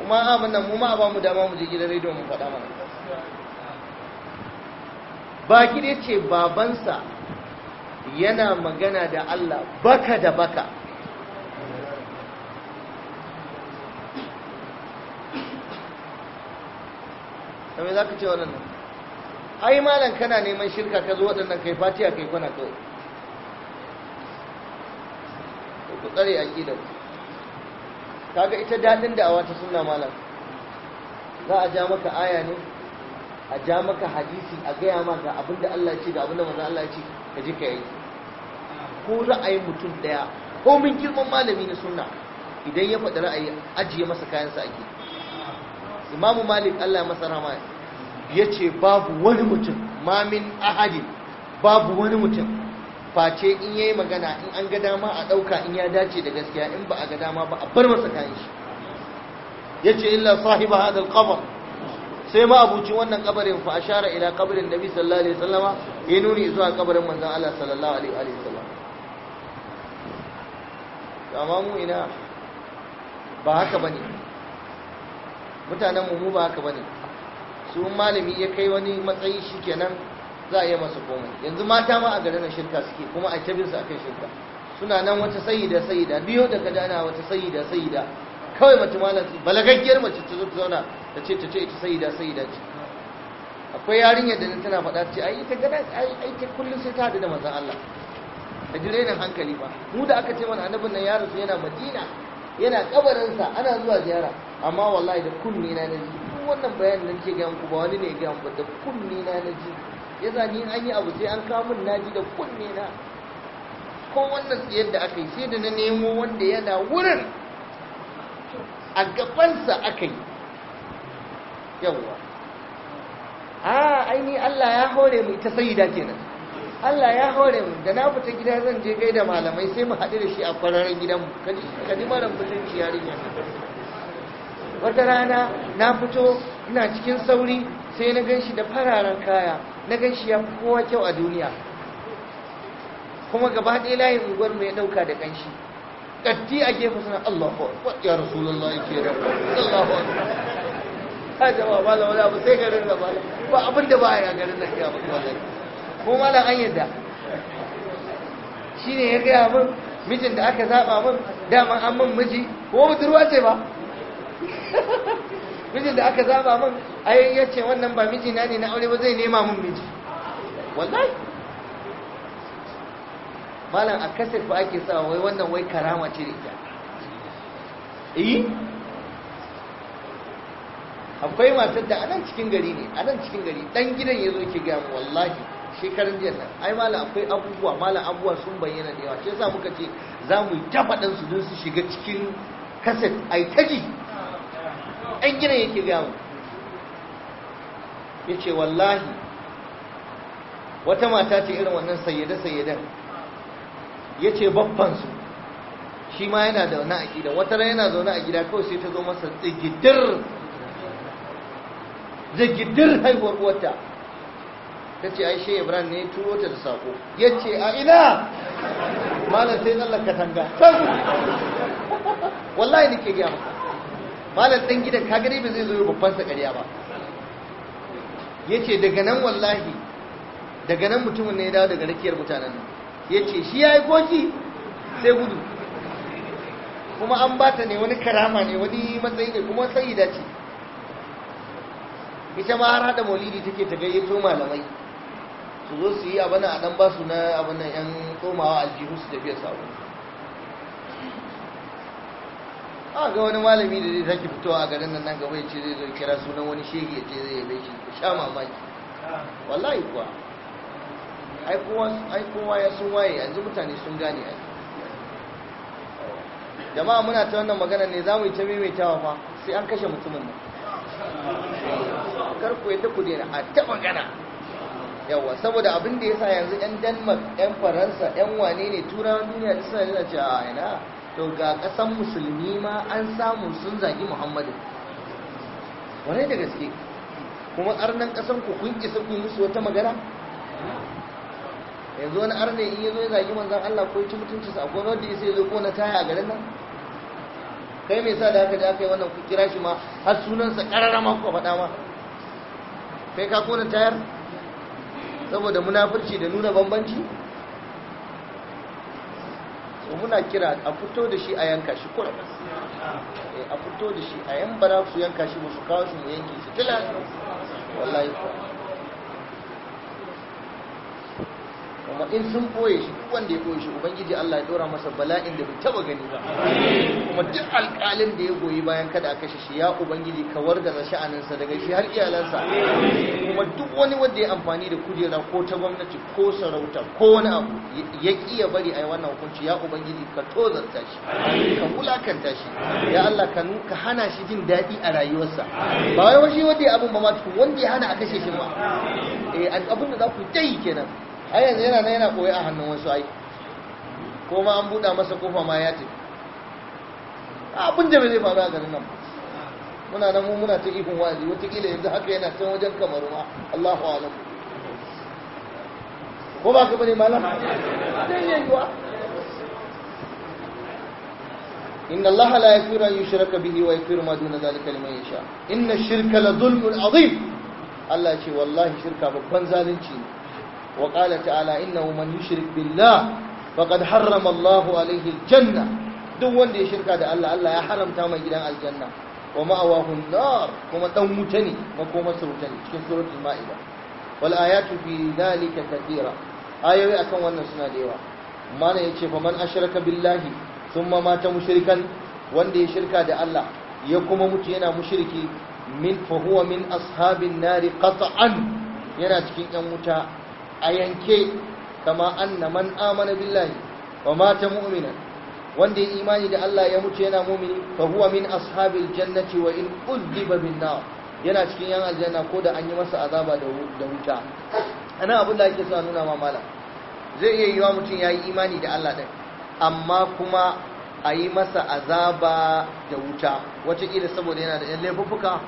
kuma mun nan mu ma ba mu dama mu je gidan rediyo mu faɗa mana baki da ce babansa yana magana da Allah baka da baka kamar za ka ce wannan ai malam kana neman shirka ka zo waɗannan kai fatiya kai kwana kawai ku tsare aƙidar kaga ita daɗin da awa ta suna malam za a ja maka aya ne a ja maka hadisi a gaya ma ga abin da Allah ce da abin da manzo Allah ce ka je ka yi ko ra'ayin mutum daya ko min girman malami na sunna idan ya faɗi ra'ayi ajiye masa kayan sa ake imamu malik Allah ya masa rahama ce babu wani mutum ma min ahadin babu wani mutum face in yayi magana in an ga dama a ɗauka in ya dace da gaskiya in ba a ga dama ba a bar masa kayan shi yace illa sahiba hadal qabr sai ma abuci wannan kabarin fa ashara ila kabarin nabi sallallahu alaihi wasallam ya nuni zuwa kabarin manzon Allah sallallahu alaihi wasallam amma mu ina ba haka bane mutanen mu mu ba haka bane su malami ya kai wani matsayi shikenan za a yi masa komai yanzu mata ma a garin shirka suke kuma a tabin su akan shirka suna nan wata sayida sayida biyo daga dana wata sayida sayida kawai mace malam balagaggiyar mace ta zo ta zauna ta ce ta ce ita sayida sayida ce akwai yarinyar da tana faɗa ce ai ta gada ai ta kullun sai ta hadu da manzon Allah da direnin hankali ba mu da aka ce mana annabin nan ya rasu yana madina yana sa ana zuwa ziyara amma wallahi da kunni na naji duk wannan bayanin da nake ga ku ba wani ne ya ga ku da kunni na naji yasa ni an yi abu sai an kawo min naji da kunni na ko wannan tsayar da aka yi sai da na nemo wanda yana wurin a gabansa aka yi yawwa a aini Allah ya hore mu ita sayida kenan Allah ya hore mu da na fita gida zan je gaida malamai sai mu haɗu da shi a kwararren gidanmu ka ji malam ciyarin ya wata rana na fito ina cikin sauri sai na gan shi da fararen kaya na gan shi ya kowa kyau a duniya kuma gaba ɗaya layin unguwar ya ɗauka da kanshi, ƙatti a gefe suna Allahu Akbar ya Rasulullah yake da Allahu Akbar ka ba ba wani abu sai garin da ba ba abin da ba ya garin da ya ba wallahi ko malam an yadda shine ya gaya min mijin da aka zaba min dama an mun miji ko budurwa ce ba mijin da aka zaba min ai ya ce wannan ba miji na ne na aure ba zai nema mun miji wallahi malam a kasar ba ake sa wai wannan wai karama ce da ita eh akwai matar da anan cikin gari ne anan cikin gari dan gidan ya zo ke gaya mu wallahi shekaran jiya nan ai malam akwai abubuwa malam abubuwa sun bayyana da yawa shi yasa muka ce za mu ta faɗan su don su shiga cikin kaset ai taji dan gidan yake ga mu yace wallahi wata mata ce irin wannan sayyada sayyadan yace babban su shi ma yana da wani aƙida wata ran yana zaune a gida kawai sai ta zo masa tsigidir zagidir haihuwar uwarta ta ce aishe ibrahim ne turo ta da sako ya ce a ina malam sai tsallar katanga wallahi nake gaya maka malam ɗan gidan kagare ba zai zo babban sa ƙarya ba ya ce daga nan wallahi daga nan mutumin ne ya dawo daga rakiyar mutanen nan ya ce shi ya yi koki sai gudu kuma an bata ne wani karama ne wani matsayi ne kuma sai dace ita ma har hada maulidi take ta gayyato malamai su zo su yi abana a dan basu na abana yan komawa aljihu su tafiya sabo a ga wani malami da zai sake fitowa a garin nan nan gaba ya ce zai zo kira sunan wani shege ya ce zai yabe shi ku sha mamaki wallahi kuwa ai kowa ya sun waye yanzu mutane sun gane ai jama'a muna ta wannan magana ne za mu yi ta maimaitawa fa sai an kashe mutumin nan kar ku yi ta daina a taɓa gana yawa saboda abin da ya sa yanzu yan denmark yan faransa yan wane ne turawan duniya da suna yana ce a ina to ga kasan musulmi ma an samu sun zagi muhammadu wane da gaske kuma arnan kasan ku kun isa kun musu wata magana yanzu wani arne in yazo ya zagi manzan Allah ko ci mutunci sa ko wanda sai zo ko na taya a garin nan kai me yasa da haka da aka yi wannan ku kira shi ma har sunansa sa kararama ku faɗa ma kai ka kona tayar saboda munafurci da nuna bambanci so muna kira a fito da shi a yanka shi kura eh, a fito da shi a yan bara su yanka shi ba kawo shi mu yanke shi tilas wallahi kuma in sun boye shi duk wanda ya boye shi ubangiji Allah ya dora masa bala'in da bai taba gani ba kuma duk alƙalin da ya goyi bayan kada a kashe shi ya ubangiji ka da sha'aninsa daga shi har iyalansa kuma duk wani wanda ya amfani da kujera ko ta gwamnati ko sarauta ko wani abu ya ki ya bari a yi wannan hukunci ya ubangiji ka tozarta shi ka wulakanta shi ya Allah ka nuka hana shi jin daɗi a rayuwarsa ba wai wani wanda ya abin ba ma wanda ya hana a kashe shi ba eh abin da za ku dai kenan har yanzu yana na, yana koyi a hannun wasu ai ko ma an buɗa masa kofa ma ya tafi abin da bai zai faru a garin nan muna nan mu muna ta ihun wa'azi wataƙila yanzu haka yana can wajen kamaru ma Allahu alam ko ba ka bane malam zai yayyuwa إن الله لا يغفر أن يشرك به ويغفر ما دون ذلك لمن يشاء إن الشرك لظلم عظيم ce wallahi shirka babban ببن ne. وقال تعالى إنه من يشرك بالله فقد حرم الله عليه الجنة دو وند يشرك هذا الله الله يا حرم تاما جدا الجنة ومأواه النار كما تموتني وكما سرتني في سورة المائدة والآيات في ذلك كثيرة آية أكون وانا سنة ديوا ما نيتشي فمن أشرك بالله ثم مات مشركا وند يشرك هذا الله يكما متينا مشركي من فهو من أصحاب النار قطعا yana cikin 'yan wuta a yanke kama anna man amana billahi wa mata mu'mina wanda ya imani da Allah ya mutu yana mu'mini fa huwa min ashabil jannati wa in udiba bin nar yana cikin yan aljanna ko da an yi masa azaba da wuta ana abin da yake sa nuna ma mala zai iya yiwa mutum ya yi imani da Allah din amma kuma a yi masa azaba da wuta wataƙila saboda yana da 'yan laifuffuka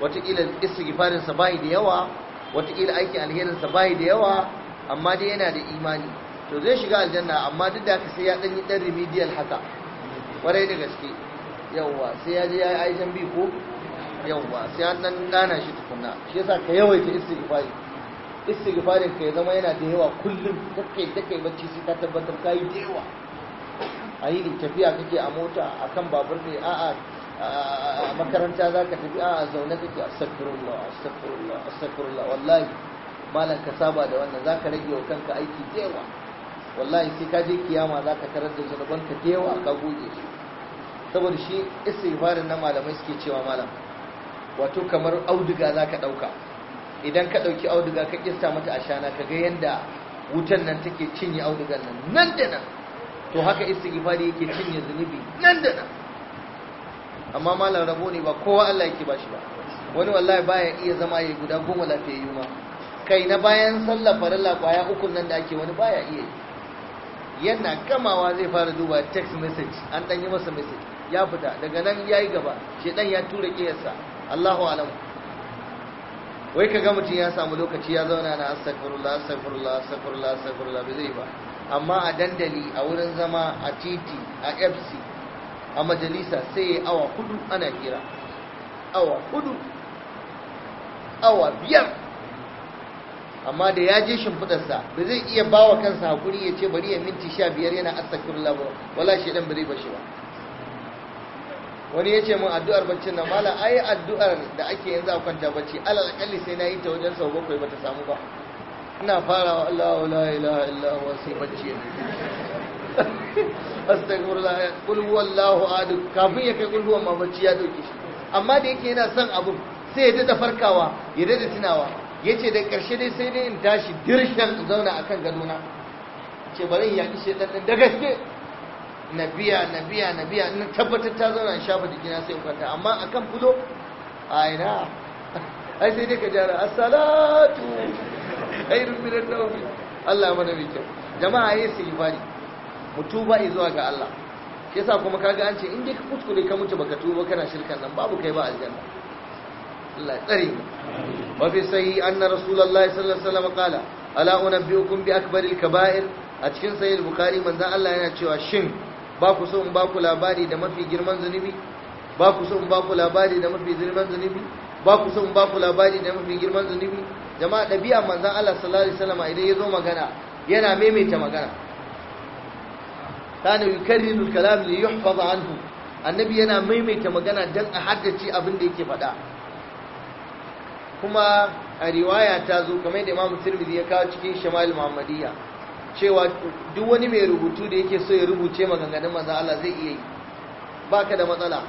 wataƙila istighfarinsa bai da yawa wataƙila aikin alherinsa bai da yawa amma dai yana da imani to zai shiga aljanna amma duk da haka sai ya ɗan yi ɗan remedial haka ƙwarai da gaske yawwa sai ya je ya yi aishan bi ko yawwa sai an ɗan ɗana shi tukuna shi yasa ka yawaita istighfari istighfarin ka ya zama yana da yawa kullum kake kake bacci sai ka tabbatar ka yi da yawa a tafiya kake a mota akan babur ne a'a makaranta za ka tafi a zaune kake astagfirullah a astagfirullah wallahi malam ka saba da wannan za ka rage wa kanka aiki jewa wallahi sai ka je kiyama za ka tarar da zunuban ka jewa ka goge su saboda shi istighfarin na malamai suke cewa malam wato kamar auduga za ka ɗauka idan ka ɗauki auduga ka kista mata a shana ka ga yadda wutan nan take cinye audugan nan nan da nan to haka istighfari yake cinye zunubi nan da nan amma malam rabo ne ba kowa Allah yake bashi ba wani wallahi baya iya zama yayi guda goma lafiyayyu ma kai na bayan sallar farilla kwaya ukun nan da ake wani baya iya yana kamawa zai fara duba text message an dan yi masa message ya fita daga nan yayi gaba shedan ya tura kiyarsa Allahu alam wai kaga mutum ya samu lokaci ya zauna na astaghfirullah astaghfirullah astaghfirullah astaghfirullah bai zai ba amma a dandali a wurin zama a titi a FC a majalisa sai ya awa hudu ana kira awa hudu awa biyar amma da ya je shimfidarsa ba zai iya ba wa kansa hakuri ya ce bari ya minti sha biyar yana astagfirullah labo wala shi dan ba bashi ba wani ya ce mun addu'ar baccin na mala ai addu'ar da ake yanzu a kwanta bacci alal sai na yi ta wajen sau bakwai ba ta samu ba ina farawa Allah la ilaha illa wa sai bacci astagfirullah kul huwallahu ahad kafin ya kai kul huwa ma ya dauke shi amma da yake yana son abu sai ya dada farkawa ya dada tunawa yace da karshe dai sai dai in tashi dirshan zauna akan gadona ce bari ya kishe dan da gaske nabiya nabiya nabiya na tabbatar ta zauna in shafa jikina sai in kwanta amma akan fulo a ina ai sai dai ka jara as-salatu khairun min an-nawm Allah mana bi kyau jama'a yayi sai bari mu tuba zuwa ga Allah shi yasa kuma kaga an ce in dai ka kuskure ka mutu baka tuba kana shirkan nan babu kai ba aljanna Allah ya tsare mu wa fi sahih anna rasulullahi sallallahu alaihi wasallam qala ala unabbiukum bi akbaril kaba'ir a cikin sahih bukhari manzo Allah yana cewa shin ba ku so in ba ku labari da mafi girman zunubi ba ku so in ba ku labari da mafi girman zunubi ba ku so in ba ku labari da mafi girman zunubi jama'a dabi'a manzo Allah sallallahu alaihi wasallam idan ya zo magana yana maimaita magana kana yukarriru al-kalam li annabi yana maimaita magana dan a haddace abin da yake faɗa kuma Arewa ya ta zo kamar da Imam Tirmidhi ya kawo cikin Shama'il Muhammadiyya cewa duk wani mai rubutu da yake so ya rubuce maganganun manzo zai iya yi baka da matsala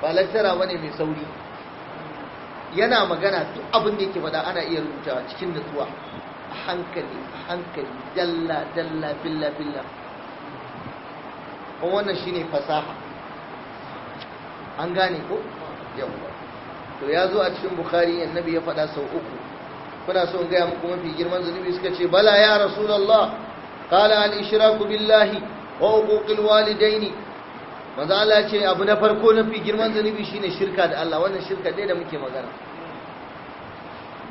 ba lantara ne mai sauri yana magana duk abin da yake faɗa ana iya rubuta cikin nutsuwa a hankali a hankali dalla dalla billa billa ko wannan shine fasaha an gane ko yawwa to ya zo a cikin bukhari annabi ya faɗa sau uku kuna so in gaya muku mafi girman zunubi suka ce bala ya rasulullah qala al ishraku billahi wa uquqil walidaini manzo Allah ya ce abu na farko na fi girman zunubi shine shirka da Allah wannan shirka dai da muke magana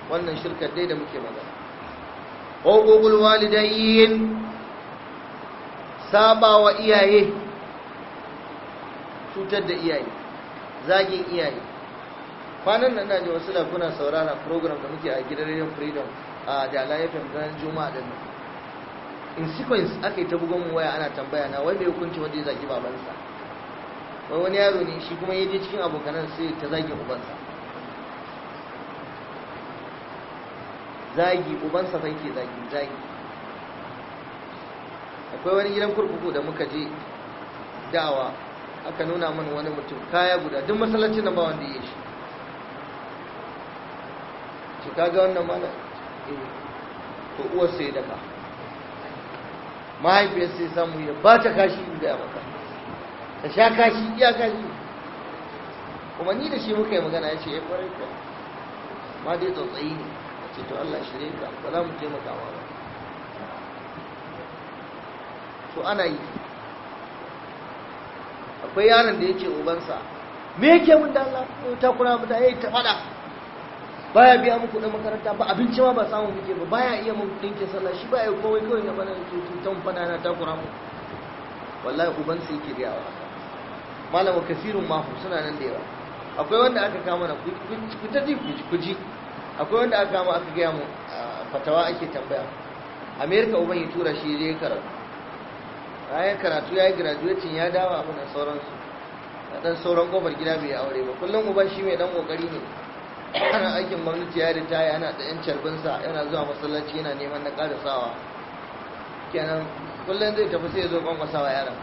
wannan shirka dai da muke magana wa uquqil saba wa iyaye cutar da iyaye zagin iyaye kwanan nan na ji wasu kuna saurara program da muke a gidan radio freedom a jala fm na juma'a da nan in sequence aka yi ta bugon waya ana tambaya na wai mai hukunci wanda ya zagi babansa wai wani yaro ne shi kuma ya je cikin abokanan sai ta zagi ubansa zagi ubansa fa yake zagi zagi akwai wani gidan kurkuku da muka je dawa aka nuna mana wani mutum kaya guda duk masallacin nan ba wanda ya shi ce kaga wannan mana eh, to uwar sai daga mahaifiyar sai samu ya ba ta kashi in gaya maka ta sha kashi iya kashi kuma ni da shi muka yi magana ya ce ya eh, kwarai ka ma dai tsautsayi ne a ce to Allah shirye ka ba za mu taimaka ba to ana yi akwai yaron da ya ce ubansa me yake mun da Allah ta kura mu da yayi eh, ta fada baya biya mu da makaranta ba abinci ma ba samu muke ba baya iya mun dinke sallah shi ba ya kowai kawai na bana yake tutan fada na ta kura mu wallahi ubansa yake biya wa malama kasirun mahu suna nan da yawa akwai wanda aka kama na ku ta ji ku ji akwai wanda aka kama aka gaya mu fatawa ake tambaya amerika uban ya tura shi je karatu Bayan karatu ya yi graduating ya dawa abin sauransu a ɗan sauran kofar gida bai aure ba kullum uban shi mai ɗan ƙoƙari ne ana aikin gwamnati ya ritaya yana da yan carbinsa yana zuwa masallaci yana neman na ƙarasawa kenan kullum zai tafi sai ya zo kwankwasawa yaran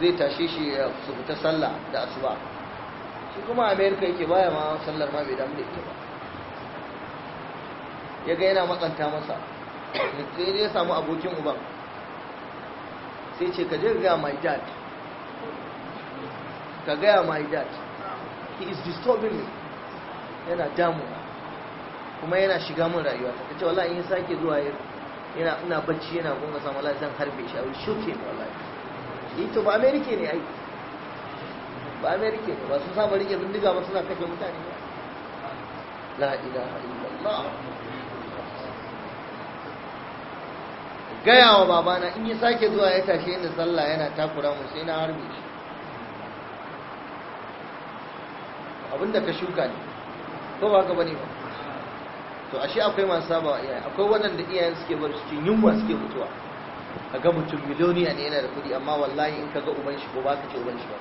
zai tashe shi su fita sallah da asuba shi kuma amerika yake baya ma sallar ma bai damu da ita ba ya ga yana matsanta masa sai ya samu abokin uban sai ce ka je ga my dad ka gaya my dad he is disturbing me yana damuna kuma yana shiga min rayuwa ta kace wallahi in sake zuwa yana ina bacci yana gunga samu wallahi zan harbe shi a aure shuke ne wallahi ni eh, to ba amerike ne ai ba amerike ne ba sun saba rike bindiga ba suna kashe mutane la ilaha illallah gaya wa babana in yi sake zuwa ya tashi ni sallah yana takura mu sai na harbe shi abinda ka shuka ne ko ba ka bane ba to ashe akwai masu saba wa iyaye akwai waɗanda iyayen suke bar su cikin yunwa suke mutuwa ka ga mutum miliyoniya ne yana da kuɗi amma wallahi in ka ga uban shi ko ba ka ce uban shi ba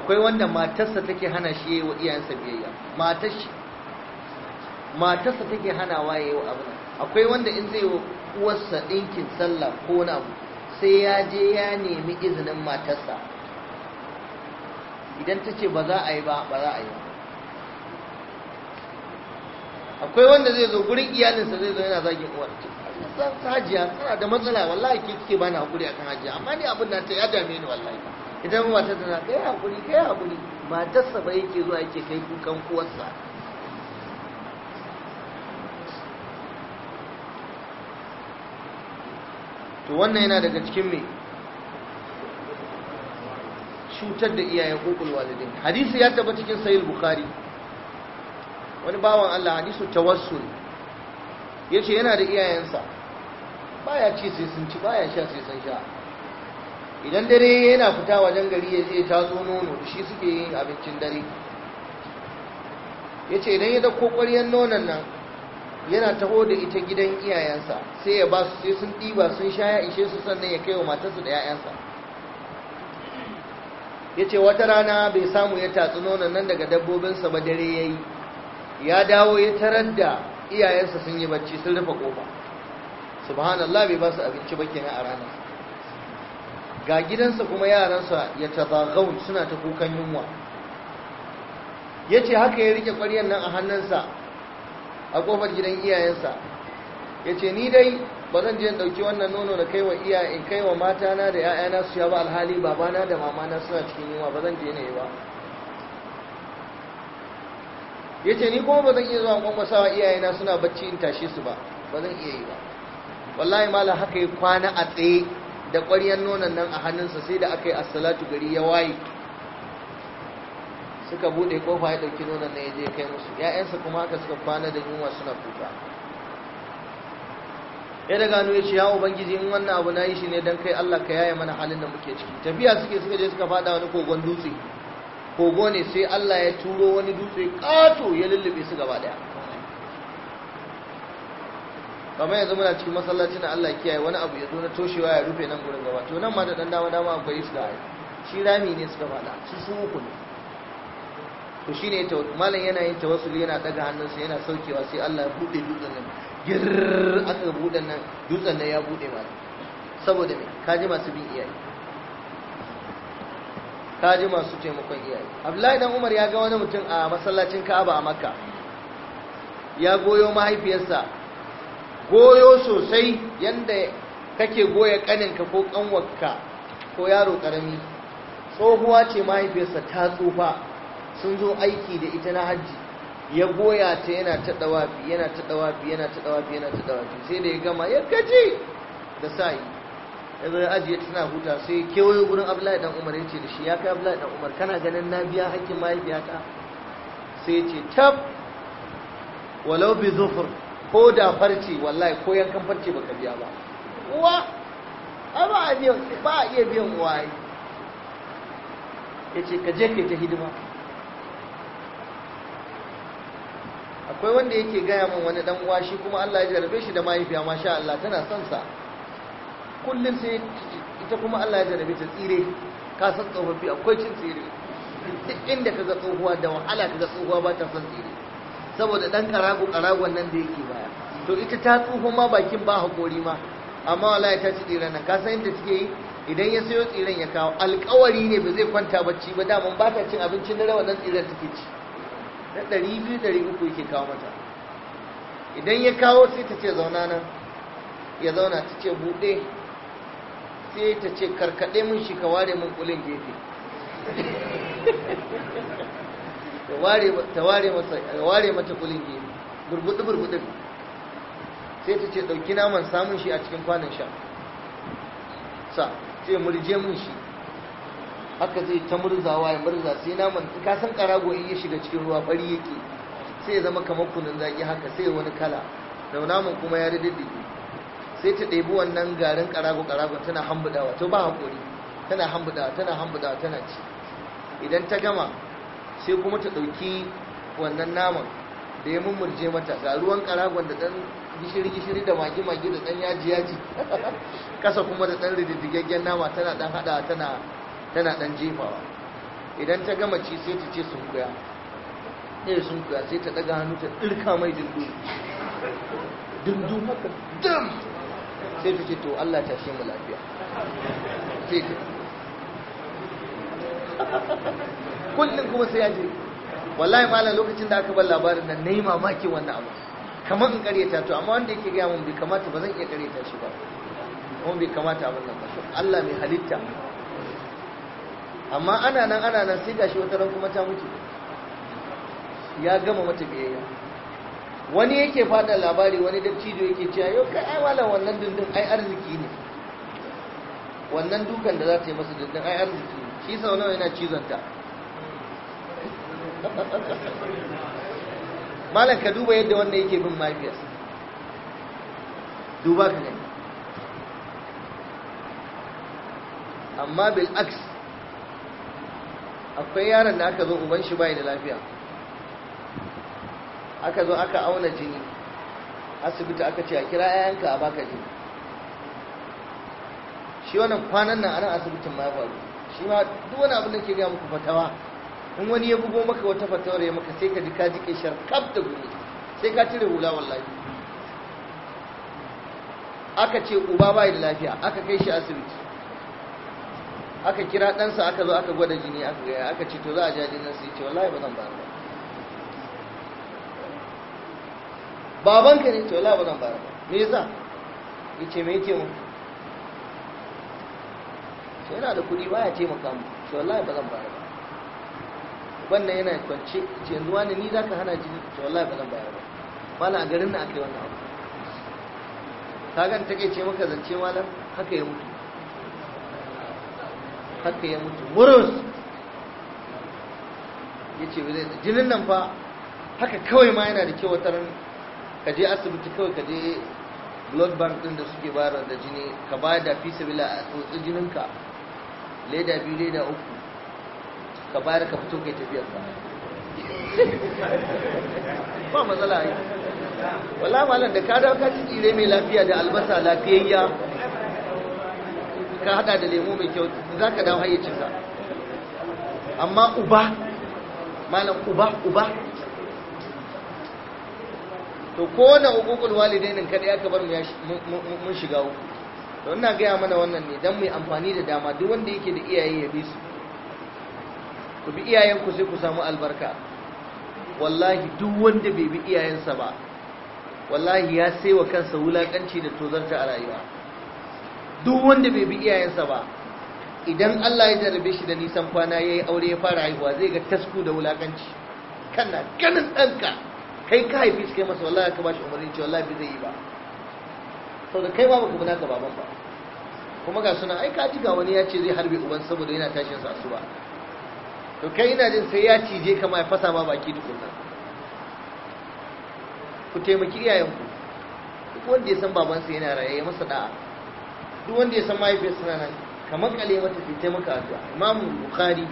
akwai wanda matarsa take hana shi yayi wa iyayensa biyayya matar shi matarsa take hanawa yayi wa abin akwai wanda in zai uwarsa ɗinkin sallah ko na abu sai ya je ya nemi izinin matarsa idan ta ce ba za a yi ba ba za a yi ba akwai wanda zai zo gurin iyalinsa zai zo yana zagin uwar ta hajiya tana da matsala wallahi ke kike bani hakuri akan hajiya amma ni abin da ta ya dame ni wallahi idan matar tana kai hakuri kai hakuri matarsa ba yake zuwa yake kai kukan uwarsa to wannan yana daga cikin me cutar da iyayen hukul walidin hadisi ya taba cikin sahih bukhari wani bawan Allah hadisu tawassul yace yana da iyayensa baya ci sai sun ci baya sha sai sun sha idan dare yana fita wajen gari ya je tatso nono shi suke yin abincin dare yace idan ya dauko ƙwaryar nonon nan yana taho da ita gidan iyayensa sai ya ba su sai sun ɗiba sun sha ya ishe su sannan ya kai wa matarsa da 'ya'yansa ya ce wata rana bai samu ya tatsi nonon nan daga dabbobinsa ba dare ya yi ya dawo ya tarar da iyayensa sun yi bacci sun rufe ƙofa subhanallah bai ba su abinci ba kenan a ranar ga gidansa kuma yaransa ya tazagaun suna ta kukan yunwa ya ce haka ya rike ƙwaryan nan a hannunsa a kofar gidan iyayensa ya ce ni dai ba zan je dauki ɗauki wannan nono na kai wa iya in kai wa matana da 'ya'yana su ya ba alhali babana da mamana suna cikin yunwa ba zan je ne ba ya ce ni kuma ba zan iya zuwa kwakwasawa iyayena suna bacci in tashe su ba ba zan iya yi ba wallahi mala haka yi kwana a tsaye da ƙwaryen nonon nan a hannunsa sai da aka yi assalatu gari ya waye suka bude kofa ya dauki nonon ne ya je kai musu ya'yansa kuma haka suka kwana da yunwa suna kuka ya da gano ya ce ya ubangiji in wannan abu na yi shi ne don kai Allah ka yaya mana halin da muke ciki tafiya suke suka je suka fada wani kogon dutse kogo ne sai Allah ya turo wani dutse kato ya lullube su gaba daya kamar yanzu muna cikin masallacin da Allah kiyaye wani abu ya zo na toshewa ya rufe nan gurin gaba to nan ma da dan dama dama akwai su da shi rami ne suka fada su su uku ne to shine malam yana yin tawassuli yana daga hannunsa yana saukewa sai Allah ya bude dutsen nan gir aka bude nan dutsen nan ya bude ba saboda me kaji masu bin iyaye kaji masu taimakon iyaye Abdullahi dan Umar ya ga wani mutum a masallacin Ka'aba a Makka ya goyo mahaifiyarsa goyo sosai yanda kake goya kaninka ko kanwarka ko yaro karami tsohuwa ce mahaifiyarsa ta tsufa sun zo aiki da ita na hajji ya goya ta yana ta dawafi yana ta dawafi yana ta dawafi yana ta dawafi sai da ya gama ya gaji da sa'i ya zo ajiye ajiye na huta sai kewayo gurin abdullahi dan umar ya ce da shi ya kai abdullahi dan umar kana ganin na biya hakkin mahaifiyata sai ya ce tab walau bi zufur ko da farce wallahi ko yankan farce baka biya ba uwa ba a iya biyan uwa ya ce ka je ka ta hidima akwai wanda yake gaya min wani dan uwa shi kuma Allah ya jarabe shi da mahaifiya masha Allah tana son sa kullum sai ita kuma Allah ya jarabe ta tsire ka san tsofaffi akwai cin tsire duk inda ka ga tsohuwa da wahala ka ga tsohuwa ba ta son tsire saboda dan karago karagon nan da yake baya to ita ta tsoho ma bakin ba hakori ma amma wallahi ta ci tsire nan ka san inda take yi idan ya sayo tsiren ya kawo alkawari ne ba zai kwanta bacci ba daman ba ta cin abincin dare wannan tsiren take ci na ɗari biyu ɗari uku yake kawo mata idan ya kawo sai ta ce zauna nan ya zauna ta ce buɗe sai ta ce karkaɗe mun shi ka ware mun ƙulin gefe ta ware mata ƙulin gefe burbuɗi-burbuɗi sai ta ce ɗauki naman samun shi a cikin kwanan sha sa sai murje mun shi haka zai ta murzawa ya murza sai naman ka san karago in ya shiga cikin ruwa fari yake sai ya zama kamar kunun zaki haka sai wani kala da naman kuma ya rididdige sai ta ɗebi wannan garin karago karago tana hambudawa to ba hakuri tana hambudawa tana hambudawa tana ci idan ta gama sai kuma ta ɗauki wannan naman da ya mummurje mata ga ruwan karagon da ɗan gishiri-gishiri da magi-magi da ɗan yaji-yaji kasa kuma da ɗan rididdigaggen nama tana ɗan haɗa tana tana dan jefawa idan ta gama ci sai ta ce sun kuya ɗaya eh, sun kuya sai ta daga hannu ta ɗirka mai dindu dindu maka dam sai ta ce to Allah ta shi mu lafiya sai ta kullum kuma sai ya je wallahi malam lokacin da aka bar labarin nan na yi mamaki wannan abu kamar in karyata to amma wanda yake gaya mun bai kamata ba zan iya karyata shi ba kuma bai kamata abin nan ba Allah mai halitta amma ana nan ana nan sai gashi wata ran kuma ta mutu ya gama mata biyayya wani yake fada labari wani dattijo yake cewa yau kai ai wala wannan dindin ai arziki ne wannan dukan da za ta yi masa dindin ai arziki ne shi sau nawa yana cizon ta malam ka duba yadda wanda yake bin mahaifiyarsa duba ka gani amma bil aks akwai yaron da aka zo uban shi bai da lafiya aka zo aka auna jini asibiti aka ce a kira yayanka a baka jini shi wannan kwanan nan a nan asibitin ma ya faru shi ma duk wani abin da ke gaya muku fatawa in wani ya bugo maka wata fatawar ya maka sai ka ji ka ji kishar kaf da gumi sai ka cire hula wallahi aka ce uba bai da lafiya aka kai shi asibiti aka kira ɗansa aka zo aka gwada jini aka gaya aka ce to za a ja jinin su ce wallahi ba zan bayar ba babanka ne ce wallahi ba zan bayar ba me yasa ce me yake mu to yana da kuɗi baya taimaka mu ce wallahi ba zan bayar ba wannan yana kwance ce yanzu wani ni ka hana jini ce wallahi ba zan bayar ba mala a garin na akai wannan abu Ka kagan take ce maka zance malam haka ya mutu haka ya mutu murus ya ce ba zai jinin nan fa haka kawai ma yana da kyau wata ran ka je asibiti kawai ka je blood bank din da suke bayar da jini ka ba da fi bila a tsotsi jininka leda biyu leda uku ka bayar ka fito kai tafiyar ba ba matsala yi wala malam da ka dawo ka ci tsire mai lafiya da albasa lafiyayya ka hada da lemo mai kyau za ka dawo hayyacinsa. amma uba malam uba uba to ko na hukukul walidainin kada ya ka bar mun shiga uku to ina gaya mana wannan ne don mai amfani da dama duk wanda yake da iyaye ya bi su ku bi iyayenku sai ku samu albarka wallahi duk wanda bai bi iyayensa ba wallahi ya sai wa kansa wulakanci da tozarta a rayuwa duk wanda bai bi iyayensa ba idan Allah ya jarabe shi da nisan kwana yayi aure ya fara haihuwa zai ga tasku da wulakanci kana ganin danka kai ka haifi shi kai masa wallahi ka bashi umarni ce wallahi zai yi ba saboda kai ba baka bi ka baban ba kuma ga suna ai ka ji ga wani ya ce zai harbe uban saboda yana tashin sa ba. to kai ina jin sai ya cije ka ma ya fasa ma baki tukunna ku taimaki iyayenku duk wanda ya san babansa yana raye ya masa da'a duk wanda ya san mahaifiyar na nan kamar kale mata ta taimaka addu'a imamu bukhari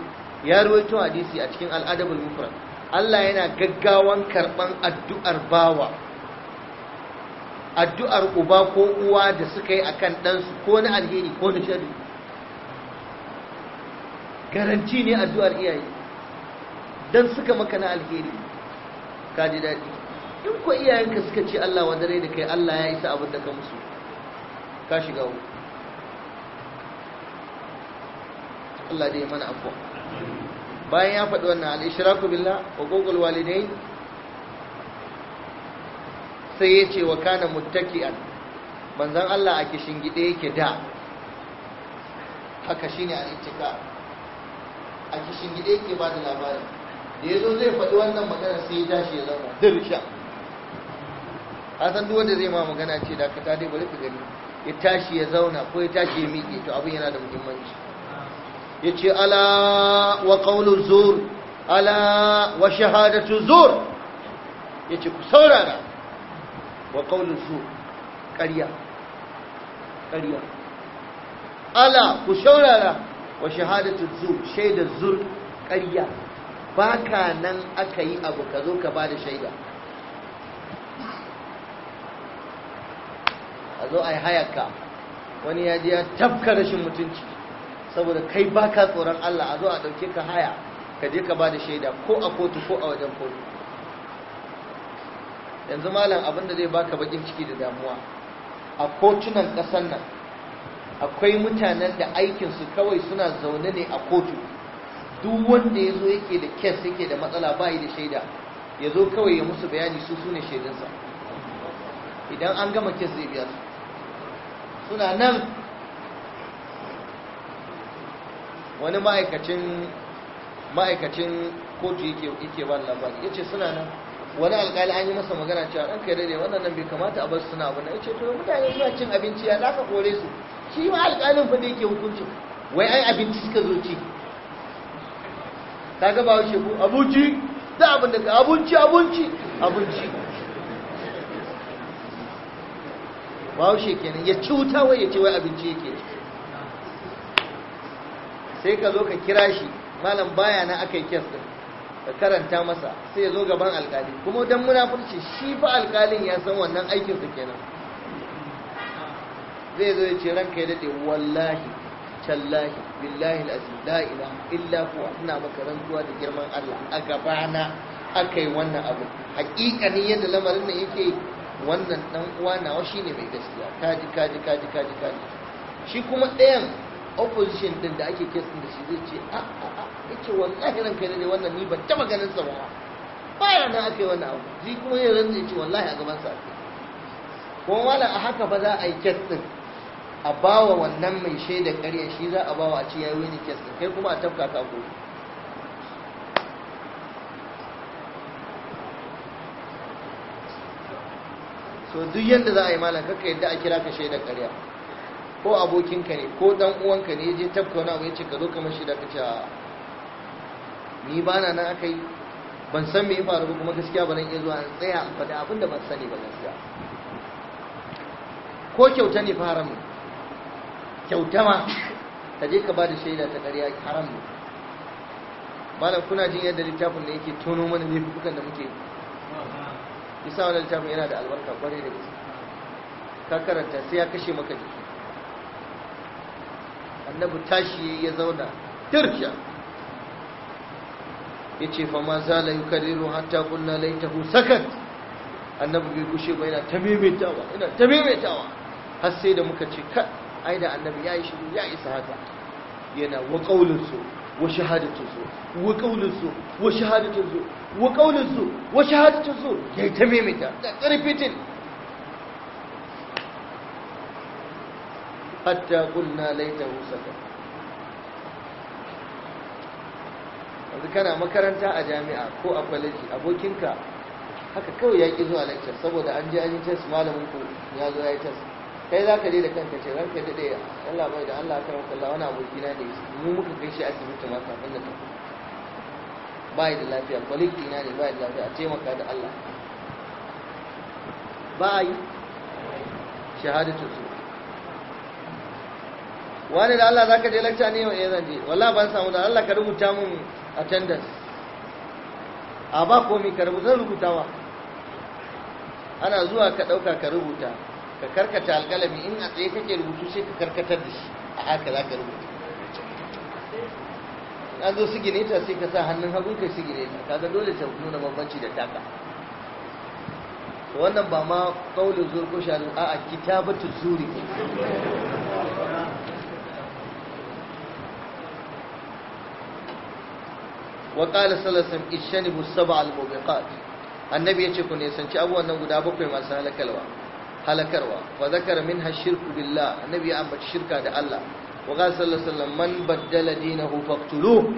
ya rawaito hadisi a cikin al'adabul mufrad Allah yana gaggawan karban addu'ar bawa addu'ar uba ko uwa da suka yi akan ɗansu ko na alheri ko na shari garanti ne addu'ar iyaye don suka maka na alheri ka ji daɗi in ko iyayenka suka ce Allah wadare da kai Allah ya isa abin da ka musu ka shiga wuta Allah da ya mana afuwa bayan ya faɗi wannan al'ishiraku billah wa gogol walidai sai ya ce wa kana muttaki'an manzan Allah a kishin gida yake da haka shine al'itika a kishin gida yake ba da labarin da ya zo zai faɗi wannan magana sai ya tashi ya zama sha. a san duwanda zai ma magana ce da ka ta dai bari ka gani ya tashi ya zauna ko ya tashi ya miƙe to abin yana da muhimmanci Yace ala wa ƙaunin zur ala wa shahadatu zur yace ku saurara wa ƙaunin zur ƙarya ƙarya ala ku saurara wa shahadatu zur shaidar zur ƙarya ba ka nan aka yi abu ka zo ka bada da shaida a zo a yi hayaka wani ya ji ya tafka rashin mutunci saboda kai ba ka tsoron Allah a zo a ɗauke ka haya ka je ka ba da shaida ko a kotu ko a wajen kotu yanzu malam abinda zai baka bakin ciki da damuwa a kotunan ƙasan nan akwai mutanen da aikinsu kawai suna zaune ne a kotu duk wanda ya zo yake da kes yake da matsala ba yi da shaida ya zo kawai ya musu bayani su su ne shaidansa idan an gama kes zai biya su suna nan wani ma'aikacin ma'aikacin kotu yake yake ba labari yace suna nan wani alƙali an yi masa magana cewa ɗan kai daidai nan bai kamata a bar su suna abin yace to mutane suna cin abinci ya za ka kore su shi ma alƙalin fa da yake hukunci wai ai abinci suka zo ci kaga ba wuce ko abinci da abin da abinci abinci abinci ba wuce kenan ya ci wuta wai ya ce wai abinci yake sai ka zo ka kira shi malam baya na aka yi kes din ka karanta masa sai ya zo gaban alkali kuma don munafurci shi fa alkalin ya san wannan aikin su kenan zai zo ya ce ranka ya dade wallahi tallahi billahi alazim la ilaha illa huwa ina da girman Allah a gabana aka yi wannan abu hakikanin yadda lamarin nan yake wannan dan uwa nawa shine mai gaskiya kaji kaji kaji kaji kaji shi kuma ɗayan opposition din da ake kes da shi zai ce a ah, a ah, a ah. yake wallahi ran kai ne wannan ni ban ta maganin sa ba Ba ya da ake wannan abu ji kuma ya ranne ce wallahi a gaban sa kuma wala a haka ba za a yi kes din a bawa wannan mai shaida ƙarya shi za a bawa a ci yayi wani kes din kai kuma a tafka ka ko so duk yanda za a yi malam kai yadda a kira ka shaida ƙarya ko abokinka ne ko dan uwanka ne je tafka wani abu ya ce ka zo kamar shi da ka ce ni ba na nan aka yi ban san me ya faru kuma gaskiya ba nan iya zuwa in tsaya a faɗi abin da ban sani ba gaskiya ko kyauta ne fa haram kyauta ma ka je ka ba da shaida ta ƙarya haram ne malam kuna jin yadda littafin da yake tono mana laifukan da muke isa wannan littafin yana da albarka kwarai da gaske ka karanta sai ya kashe maka jiki annabi tashi ya zauna tirsha ya ce fa ma za la yukariru hatta kunna laitahu sakat annabi bai kushe ba yana ta maimaitawa yana ta maimaitawa har sai da muka ce ka ai da annabi ya yi shiru ya isa haka yana wa kaulinsu wa shahadatin wa kaulinsu wa shahadatin wa kaulinsu wa shahadatin ya yi ta maimaita da ƙarfitin. hatta qulna laitahu sakata yanzu kana makaranta a jami'a ko a kwaleji abokinka haka kawai ya ƙi zuwa lecture saboda an je an yi test malamin ku ya zo ya yi test kai za ka je da kanka ce ranka daɗe Allah bai da Allah kan kalla wani abokina ne mu muka kai shi asibiti ma kafin da tafi bai da lafiya kwaliki na ne bai da lafiya a taimaka da Allah ba yi shahadatu su wani da Allah zaka je lecture ne yau eh, zan je wallahi ban samu da Allah ka rubuta mun attendance a ba komi ka rubuta rubutawa ana zuwa ka dauka ka rubuta ka karkata alƙalami in a tsaye kake rubutu sai ka karkatar da shi a haka za ka rubuta an zo su gine ta sai ka sa hannun hagu kai su gine ta kaga dole ta nuna bambanci da taka wannan ba ma kaulin zurko shanu a kitabatu zuri wa qala sallallahu alaihi wasallam ishanibu sab'a al-mubiqat annabi yace ku ne sanci abubuwan nan guda bakwai masu halakarwa halakarwa fa zakara minha shirku billah annabi ya ambaci shirka da Allah wa qala sallallahu man baddala dinahu faqtuluhu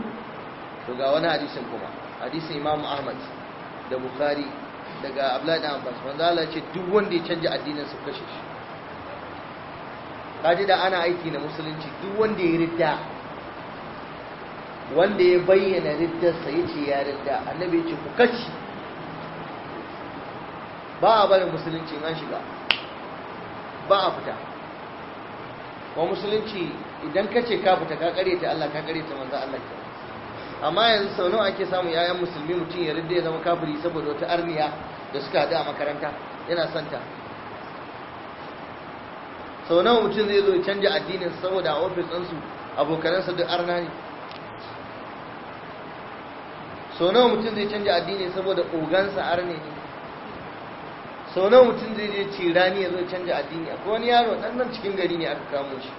to ga wani hadisin kuma hadisin Imam Ahmad da Bukhari daga Abdullahi da Ambas. manzo Allah ce duk wanda ya canja addinin sa kashe shi kaji da ana aiki na musulunci duk wanda ya yi ridda wanda ya bayyana riddarsa ya ce ya ridda annabi ya ce ku kashi ba a bari musulunci an shiga ba a fita wa musulunci idan ka ce ka fita ka kare ta Allah ka kare ta manzo Allah ke amma yanzu sau nawa ake samun yayan musulmi mutum ya ridda ya zama kafiri saboda wata arniya da suka haɗu a makaranta yana santa sau nawa mutum zai zo canja addinin saboda a ofis ɗinsu abokanansa duk arna ne so nawa mutum zai canja addini saboda ogansa har ne so nawa mutum zai je ci rani ya zo canja addini akwai wani yaro dan nan cikin gari ne aka kamo shi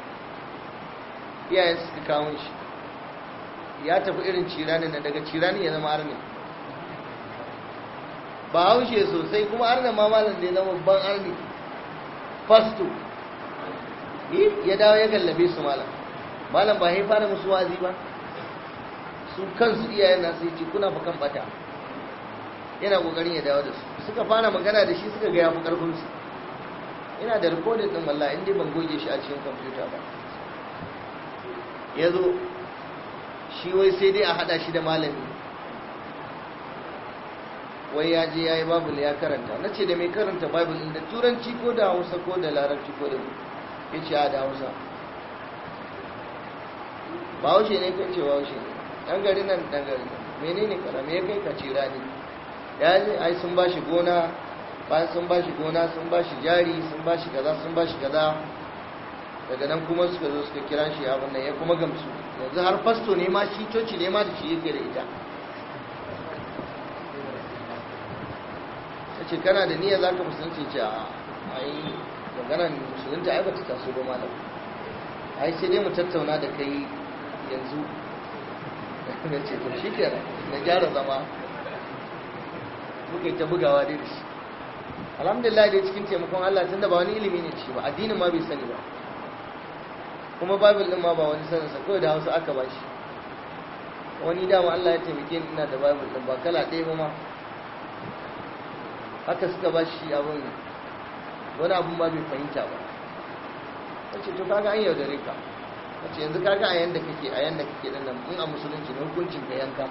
iyayen suka kamo shi ya tafi irin cirani na daga ne ya zama arne ba haushe sosai kuma arne ma malam da ya zama babban arne fasto ya dawo ya gallabe su malam malam ba ya fara musu wazi ba su kansu iyayen nasu ya ce kuna fa kan bata yana kokarin ya dawo da su suka fara magana da shi suka ga yafi karfin su ina da rikodin din wallahi inda ban goge shi a cikin kwamfuta ba ya zo shi wai sai dai a hada shi da malami wai ya je ya yi babul ya karanta na ce da mai karanta babul da turanci ko da hausa ko da larabci ko da ya ce a da hausa ba haushe ne ka ce ba haushe ne ɗan gari nan ɗan gari menene kaza me ya kai ka cira ni ya ji ai sun ba shi gona bayan sun ba shi gona sun ba shi jari sun ba shi kaza sun ba shi kaza daga nan kuma suka zo suka kira shi abin nan ya kuma gamsu yanzu har fasto ne ma shi coci ne ma da shi yake da ita ta ce kana da niyya za ka musulunci ce a ai maganar musulunta ai ba ta taso ba malam ai sai dai mu tattauna da kai yanzu na ce to shi kenan na gyara zama muka ta bugawa dai da shi alhamdulillah dai cikin taimakon Allah tunda ba wani ilimi ne shi ba addinin ma bai sani ba kuma babul din ma ba wani sanin sa kawai da Hausa aka ba shi wani dama Allah ya taimake ni ina da babul din ba kala ɗaya ba ma haka suka ba shi abun wani abun ma bai fahimta ba kace to kaga an yaudare ka a ce yanzu kaga a yanda kake a yanda kake nan in a musulunci na hukuncin ka yanka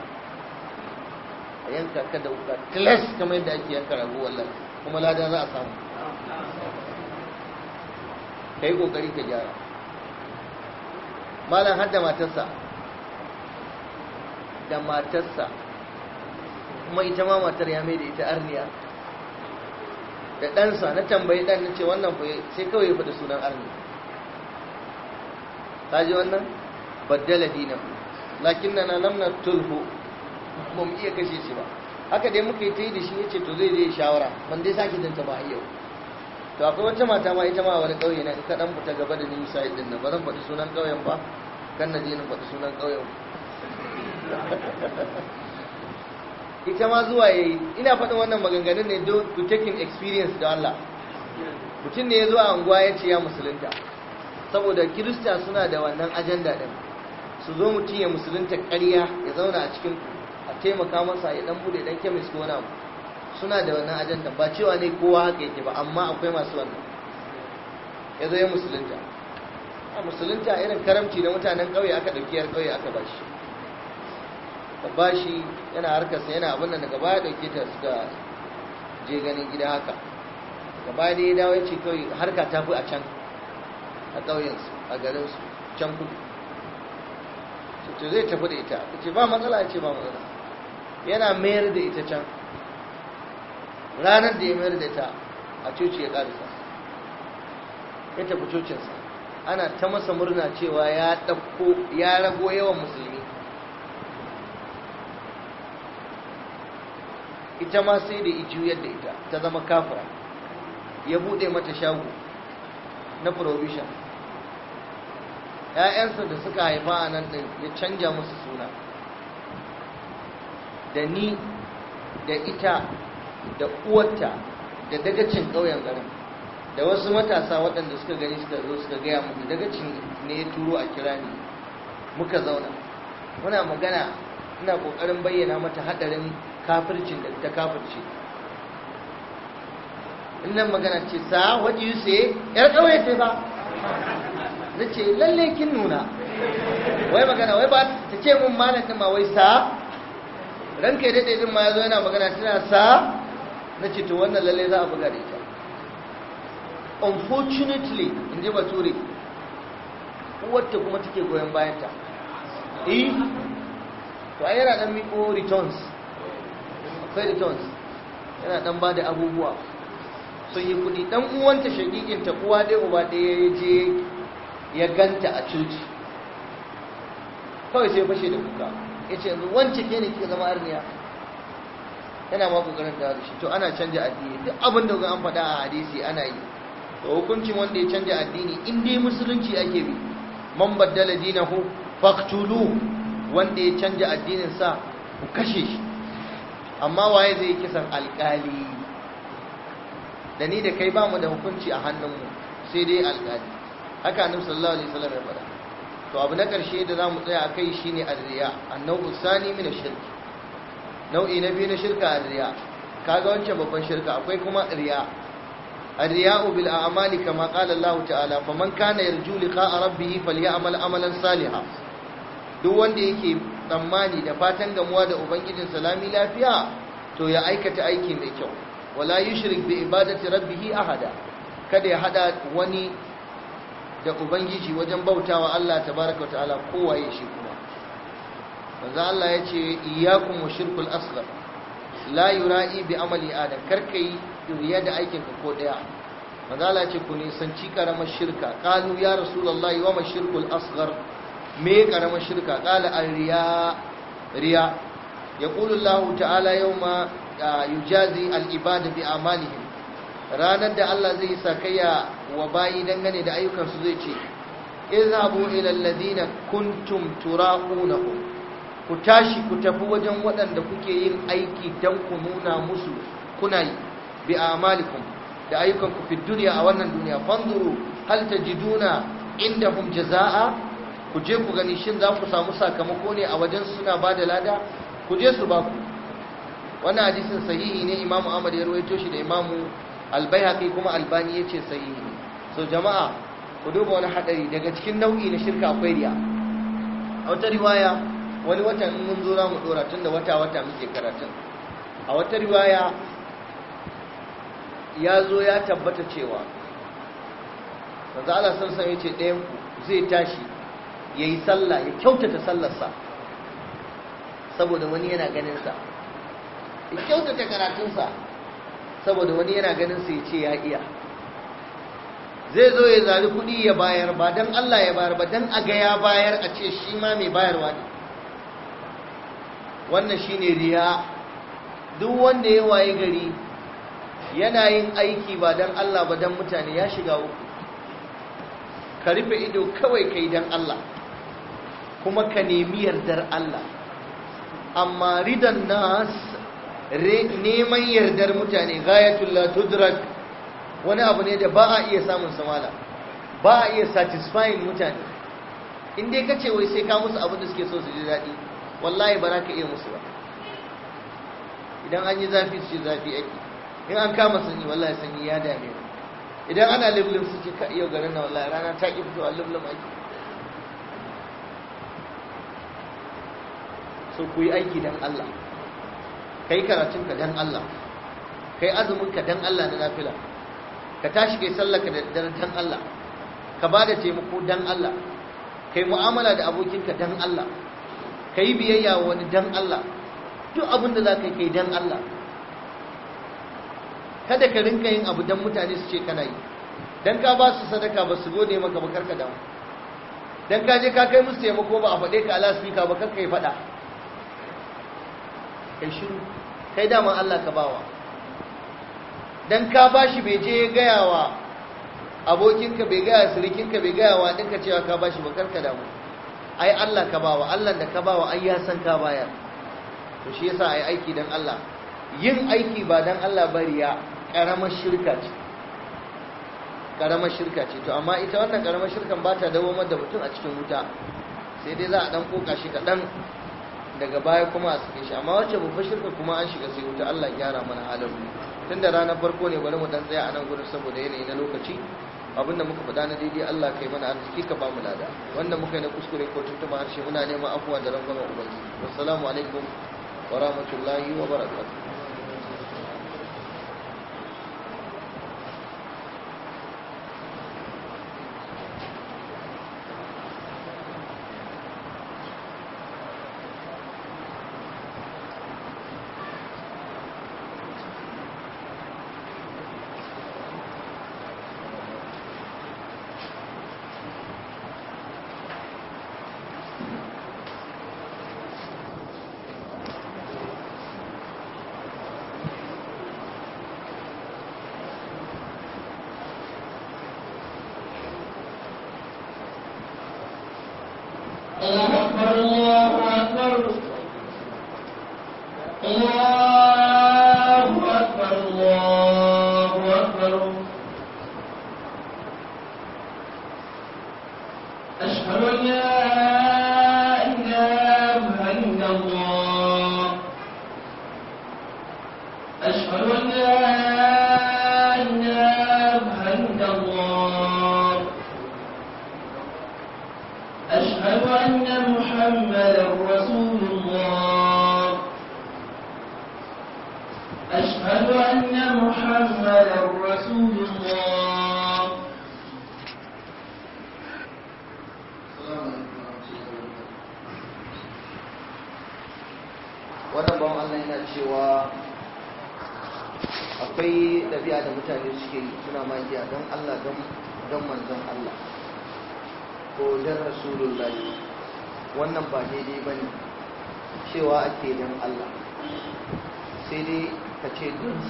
a yanka ka da wuka tilas kamar yadda ake yanka rago wallahi kuma ladan za a samu ka yi kokari ka gyara malam har da matarsa da matarsa kuma ita ma matar ya mai da ita arniya da ɗansa na tambayi ɗan na ce wannan sai kawai ya faɗi sunan arniya ta ji wannan baddala dinahu lakinnana lam natulhu ba mu iya kashe shi ba haka dai muka yi ta yi da shi ya ce to zai zai shawara ban dai sake danta ba yau to akwai wata mata ma ita ma wani ƙauye na ita ɗan fita gaba da ni sa'id din nan ba zan faɗi sunan ƙauyen ba kan na je faɗi sunan ƙauyen ita ma zuwa ya yi ina faɗin wannan maganganun ne to taking experience da Allah mutum ne ya zo a unguwa ya ce ya musulunta saboda kirista suna da wannan ajanda din su zo mutum ya musulunta ƙarya ya zauna a cikin a taimaka masa ya dan bude dan kemis ko na suna da wannan ajanda ba cewa ne kowa haka yake ba amma akwai masu wannan ya zo ya musulunta a musulunta irin karamci da mutanen ƙauye aka ɗauki yar ƙauye aka ba shi ka ba shi yana harkarsa yana abin nan daga baya ɗauke ta suka je ganin gida haka gaba da ya dawo ya ce kawai harka ta fi a can a ƙauyensu a garinsu can kudu to zai tafi da ita ce ba matsala ce ba matsala yana mayar da ita can ranar da ya mayar da ita a coci ya ƙarisa ya tafi cocinsa ana ta masa murna cewa ya ɗauko ya rago yawan musulmi ita ma sai da ijiyar da ita ta zama kafira ya buɗe mata shago na provision ‘ya'yansa da suka haifa a nan ɗin ya canja musu suna da ni da ita da uwarta da dagacin ƙauyen garin da wasu matasa waɗanda suka gani suka zo suka gaya mu dagacin ne ya turo a kira ne, muka zauna muna magana ina ƙoƙarin bayyana mata haɗarin kafircin da ta kafirce in nan magana ce sa what you say yar kawai sai ba na ce lalle kin nuna wai magana wai ba ta ce mun malatin ma wai sa ranka ya daɗe din ma ya zo yana magana tana sa na ce to wannan lalle za a buga da ita unfortunately in ji bature wata kuma take goyon bayanta eh to ai yana dan miko returns akwai returns yana dan ba da abubuwa sun yi kuɗi ɗan uwanta shagiginta kuwa ɗaya uba ɗaya ya je ya ganta a coci kawai sai fashe da kuka ya ce yanzu wance ke ne ke zama arniya yana ma kokarin da shi to ana canja addini duk abin da an faɗa a hadisi ana yi to hukuncin wanda ya canja addini in dai musulunci ake bi man baddala dinahu faqtulu wanda ya canja addinin sa ku kashe shi amma waye zai kisan alƙali da ni da kai ba mu da hukunci a hannunmu sai dai alƙali haka annabi sallallahu alaihi wasallam ya faɗa to abu na ƙarshe da za mu tsaya akai shine arriya annabi sani mina shirki nau'i na biyu na shirka arriya kaga wancan babban shirka akwai kuma riya amali kama كما قال الله تعالى a kana yarju لقاء rabbih faly'amal amalan salihan duk wanda yake tsammani da fatan gamuwa da ubangijin salami lafiya to ya aikata aiki mai kyau wala yushrik bi ibadati rabbih ahada kada ya hada wani da ubangiji wajen bautawa Allah tabaaraka ta'ala kowaye shi kuma manzo Allah yace iyyakum wa shirkul asghar la yura'i bi amali adam karkai riya da aikin ka ko daya manzo Allah yace ku nisanci karamar shirka qalu ya rasulullahi wa ma asghar me karamar shirka qala al riya riya yaqulu Allah ta'ala yawma yujazi al'ibada bi amalihim ranar da Allah zai sa sakayya wa bayi dangane da ayyukansu zai ce izhabu ila alladhina kuntum tura'unahum ku tashi ku tafi wajen waɗanda kuke yin aiki dan ku nuna musu kuna yi bi amalikum da ayyukanku fi duniya a wannan duniya fanduru hal tajiduna hum jaza'a. ku je ku gani shin za ku samu sakamako ne a wajen suna ba da lada ku je su ba ku wannan hadisin sahihi ne Imam Ahmad ya rawaito shi da Imam Al-Baihaqi kuma Albani yace sahihi ne so jama'a ku duba wani hadari daga cikin nau'i na shirka akwai riya a wata riwaya wani wata in mun zo mu dora tunda wata wata muke karatun a wata riwaya ya zo ya tabbata cewa manzo Allah sallallahu alaihi yace ɗayan ku zai tashi yayi sallah ya kyautata sallarsa saboda wani yana ganin sa kyautata karatunsa saboda wani yana ganin sai ce ya iya zai zo ya zari kuɗi ya bayar ba don Allah ya bayar ba don a ga ya bayar a ce shi ma mai bayarwa ne wannan shi ne riya duk wanda ya waye gari yana yin aiki ba don Allah ba don mutane ya shiga uku ka rufe ido kawai ka yi don Allah kuma ka nemi yardar Allah amma ridan nas neman yardar mutane ghayatul la tudrak wani abu ne da ba a iya samun samala ba a iya satisfying mutane inda ka kace wai sai ka musu abin da suke so su ji daɗi wallahi ba za ka iya musu ba idan an yi zafi su ce zafi ake in an kama sanyi wallahi sanyi ya dame mu idan ana lublum su ce ka iya garin na wallahi rana ta ki fito a lublum ake so ku yi aiki don Allah kai karatun ka dan Allah kai azumin ka dan Allah na nafila ka tashi kai sallar ka da daddare dan Allah ka bada taimako dan Allah kai mu'amala da abokinka dan Allah kai biyayya wani dan Allah duk abin da zaka kai dan Allah kada ka rinka yin abu dan mutane su ce kana yi dan ka ba su sadaka ba su gode maka ba karka damu dan ka je ka kai musu taimako ba a faɗe ka ka ba karka yi faɗa kai shiru kai dama Allah ka bawa dan ka bashi bai je gaya wa abokinka bai gaya surikinka bai gaya wa dinka cewa ka bashi ba karka damu ai Allah ka bawa Allah da ka bawa ai ya san ka bayar to shi yasa ai aiki dan Allah yin aiki ba dan Allah bari ya karamar shirka ce karamar shirka ce to amma ita wannan karamar shirkan ba ta dawo da mutum a cikin wuta sai dai za a dan koka shi kaɗan daga baya kuma a suke shi amma wacce babbar shirka kuma an shiga sai wuta Allah gyara mana halin tun da ranar farko ne bari mu dan tsaya a nan gurin saboda yanayi na lokaci abinda muka faɗa na daidai Allah kai mana arziki ka bamu lada wanda muka yi na kuskure ko tuntuma harshe muna neman afuwa da rangwamar ubangiji wassalamu alaikum wa rahmatullahi wa barakatuh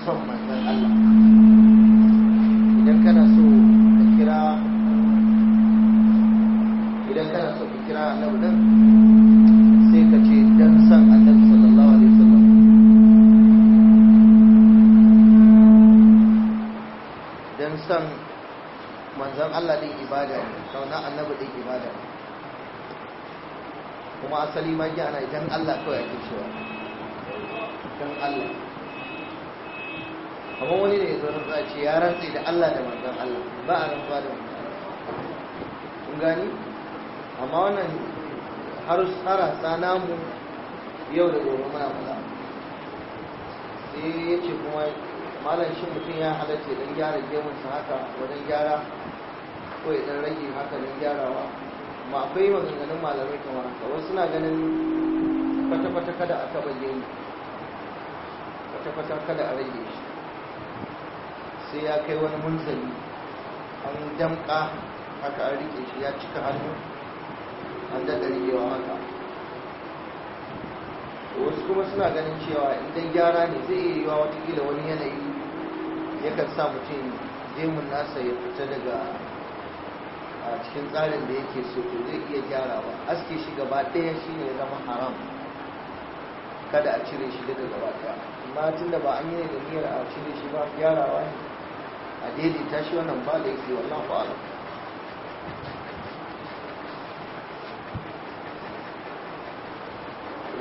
son manzan Allah idan kana so ka kira idan kana so ka kira annabi nan sai ka ce dan san annabi sallallahu alaihi wasallam dan san manzan Allah din ibada ne kauna annabi din ibada ne kuma asali ma ana idan Allah kawai ake cewa dan Allah amma wani da ya zo a ce ya rantsi da Allah da manzon Allah ba a rantsuwa da manzon kun gani amma wannan har harasa namu yau da gobe muna kula sai ya ce kuma malam shi mutum ya halatta don gyara gemunsa haka wajen gyara ko ya dan rage haka don gyarawa amma akwai maganganun malamai kamar haka wasu suna ganin kwata-kwata kada a taba gemu kwata-kwata kada a rage shi sai ya kai wani munzali an damka haka an rike shi ya cika hannu an daga rigewa haka wasu kuma suna ganin cewa idan gyara ne zai iya yiwa watakila wani yanayi yakan sa mutum jemun nasa ya fita daga a cikin tsarin da yake so to zai iya gyara ba aske shi gaba ɗaya shi ne ya zama haram kada a cire shi daga gaba ɗaya amma tun da ba an yi da niyyar a cire shi ba gyarawa ne a daidaita shi wannan ba da yake wannan fa'ala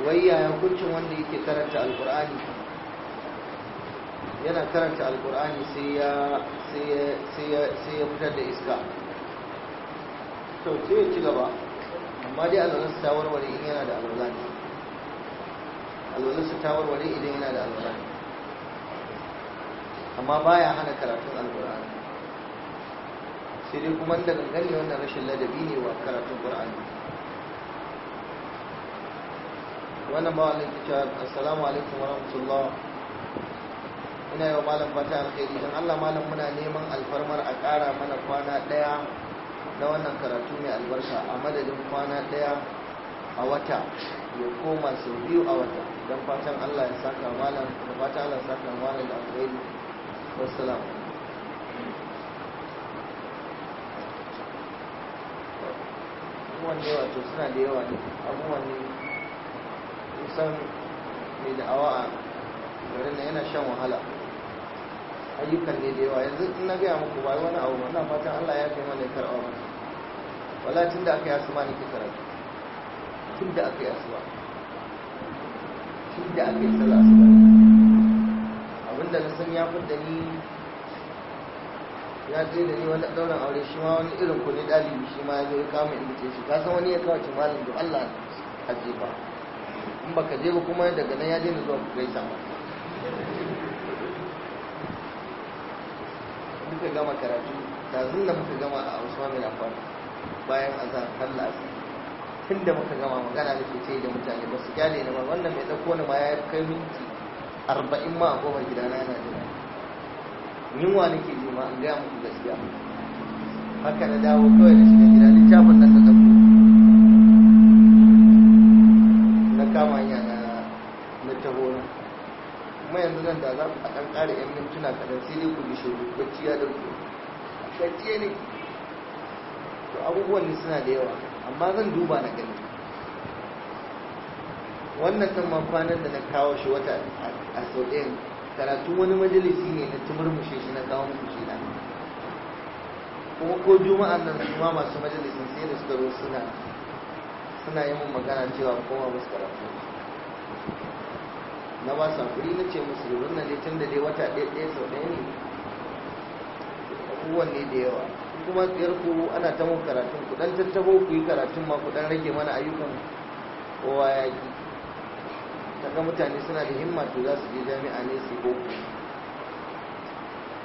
wai yaya hukuncin wanda yake karanta alkur'ani yana karanta alkur'ani sai ya fitar da iska to sai ya ci gaba amma dai alwalar ta warware idan yana da alwalar ne alwalarsa idan yana da alwalar amma baya hana karatun alkur'ani sai dai kuma da gangane wannan rashin ladabi ne wa karatun alkur'ani wannan ba wani kita assalamu alaikum wa rahmatullah ina yau malam fata alkhairi don allah malam muna neman alfarmar a kara mana kwana daya na wannan karatu mai albarka a madadin kwana daya a wata ya koma sau biyu a wata don fatan allah ya saka malam da fatan allah ya saka malam da alkhairi wassalam abubuwan da yawa to suna da yawa ne abubuwan ne kusan mai da'awa a garin na yana shan wahala ayyukan ne da yawa yanzu in na gaya muku ba wani abu wannan fatan Allah ya kai mana karɓa ba wala tun da aka yi asuba nake karatu tun da aka yi asuba tun da aka yi sallah asuba da na san ya fudda ni ya je da ni wani ɗaurin aure shi ma wani irin ku ne ɗalibi shi ma ya zo ya kama invitation shi kasan wani ya kawace malin malam da Allah a je ba in baka je ba kuma daga nan ya daina zuwa ku gaisa ba muka gama karatu da da muka gama a Usman na Affan bayan azan Allah tun da muka gama magana da ke ce da mutane ba su gyale na ba wannan mai ɗauko ni ma ya kai minti arba'in ma a kofar gidana yana jira yunwa nake ke ma an gaya muku gaskiya haka na dawo kawai da shiga gida littafin nan da zafi na kama hanya na na taho na kuma yanzu nan da za ku a ɗan ƙara 'yan mintuna kaɗan sai dai ku ji shiru bacci ya ɗauke gajiye ne to abubuwan ne suna da yawa amma zan duba na gani wannan kan ma kwanan da na kawo shi wata a sau ɗayan karatun wani majalisi ne na mushe shi na kawo mushe shi na kuma ko Juma'a nan su ma masu majalisin sai da suka zo suna suna yi mun magana cewa kowa musu karatu na ba sa kuri na ce musu yau na tun da dai wata ɗaya ɗaya sau ɗaya ne abubuwan ne da yawa kuma tsayar ku ana ta mun karatun ku dan tattabo ku yi karatun ma ku dan rage mana ayyukan kowa ya yi kaga mutane suna da himma to za su je jami'a ne su boko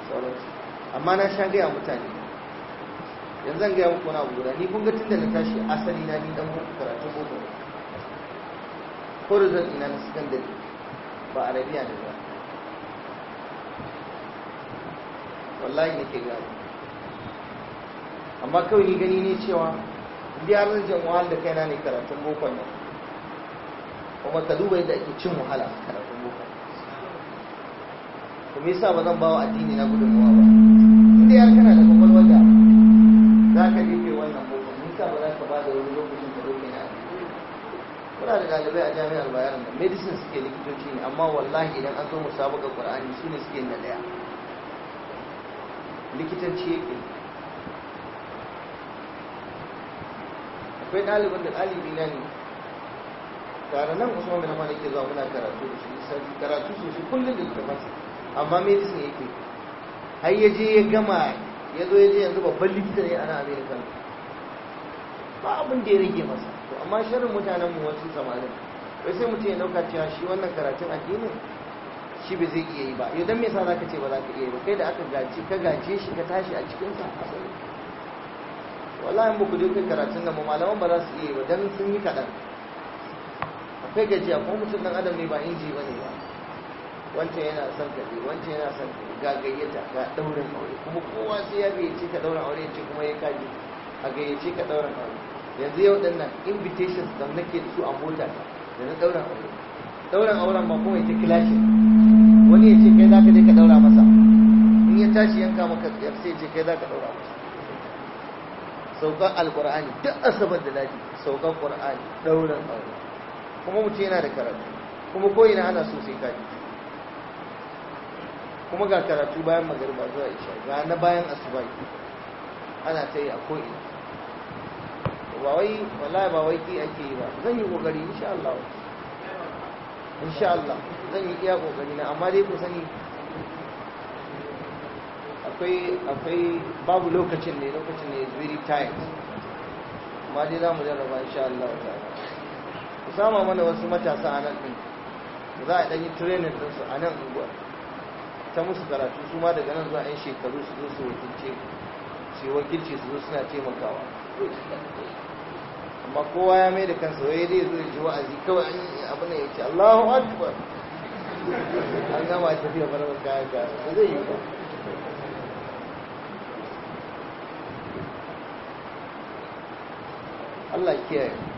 sauransu amma na sha gaya mutane yanzu zan gaya muku na abu guda ni kun ga tun da na tashi asali na ni dan boko karatun boko horizon ina na secondary ba arabiya ne ba wallahi nake gaya amma kawai ni gani ne cewa biyar jan wahal da kaina ne karatun boko ne. kuma ka duba yadda ake cin wahala karatun boko kuma yasa ba zan bawa addini na gudunmuwa ba inda yar kana da kwakwalwar da za ka jefe wannan boko mun sa ba za ka ba da wani lokacin ka roƙe na addini kuna da dalibai a jami'ar bayan da medicine suke likitoci ne amma wallahi idan an zo ga qur'ani su ne suke na daya likitanci yake akwai ɗalibin da ɗalibi na ne tare nan usman bin hamad ke zuwa muna karatu da shi karatu sosai kullum da littafansa amma medicine yake har ya je ya gama ya zo ya je yanzu babban likita ne a nan america ba abin da ya rage masa to amma shirin mutanen mu wasu samanin wai sai mutum ya dauka cewa shi wannan karatun addinin shi ba zai iya yi ba yau don me yasa ka ce ba za ka iya yi ba kai da aka gace ka gace shi ka tashi a cikin sa asali wallahi mu ku je kai karatun nan ba malaman ba za su iya yi ba dan sun yi kaɗan akwai gajiya kuma mutum dan adam ne ba inji ba ne ba wancan yana son ka ne wancan yana son ka ga gayyata ga daurin aure kuma kowa sai ya gayyace ka daurin aure ce kuma ya kaji a gayyace ka daurin aure yanzu yau ɗan nan invitations da nake da su a mota da na daurin aure daurin auren ba kuma ita kilashin wani ya ce kai za ka je ka daura masa in ya tashi yanka maka tsayar sai ce kai za ka daura masa saukan alkur'ani duk asabar da lafi saukan qur'ani ɗaurin aure kuma mutum yana da karatu kuma ko ina ana so sai kaji kuma ga karatu bayan magariba zuwa isha ga na bayan asubai ana ta yi a ko'ina ba wai wallahi ba wai ki ake yi ba zan yi kokari insha Allah insha Allah zan yi iya kokari na amma dai ku sani akwai akwai babu lokacin ne lokacin ne is very tight amma dai za mu jarraba insha Allah ta'ala ku sama mana wasu matasa a nan ɗin za a ɗanyi training ɗinsu a nan unguwar ta musu karatu su ma daga nan zuwa 'yan shekaru su zo su wakilce su wakilce su zo suna taimakawa amma kowa ya mai da kansa wai dai zo ji wa'azi kawai an yi abin da ya ce Allahu Akbar an gama tafiya barbar kayan gara ba zai yi ba Allah kiyaye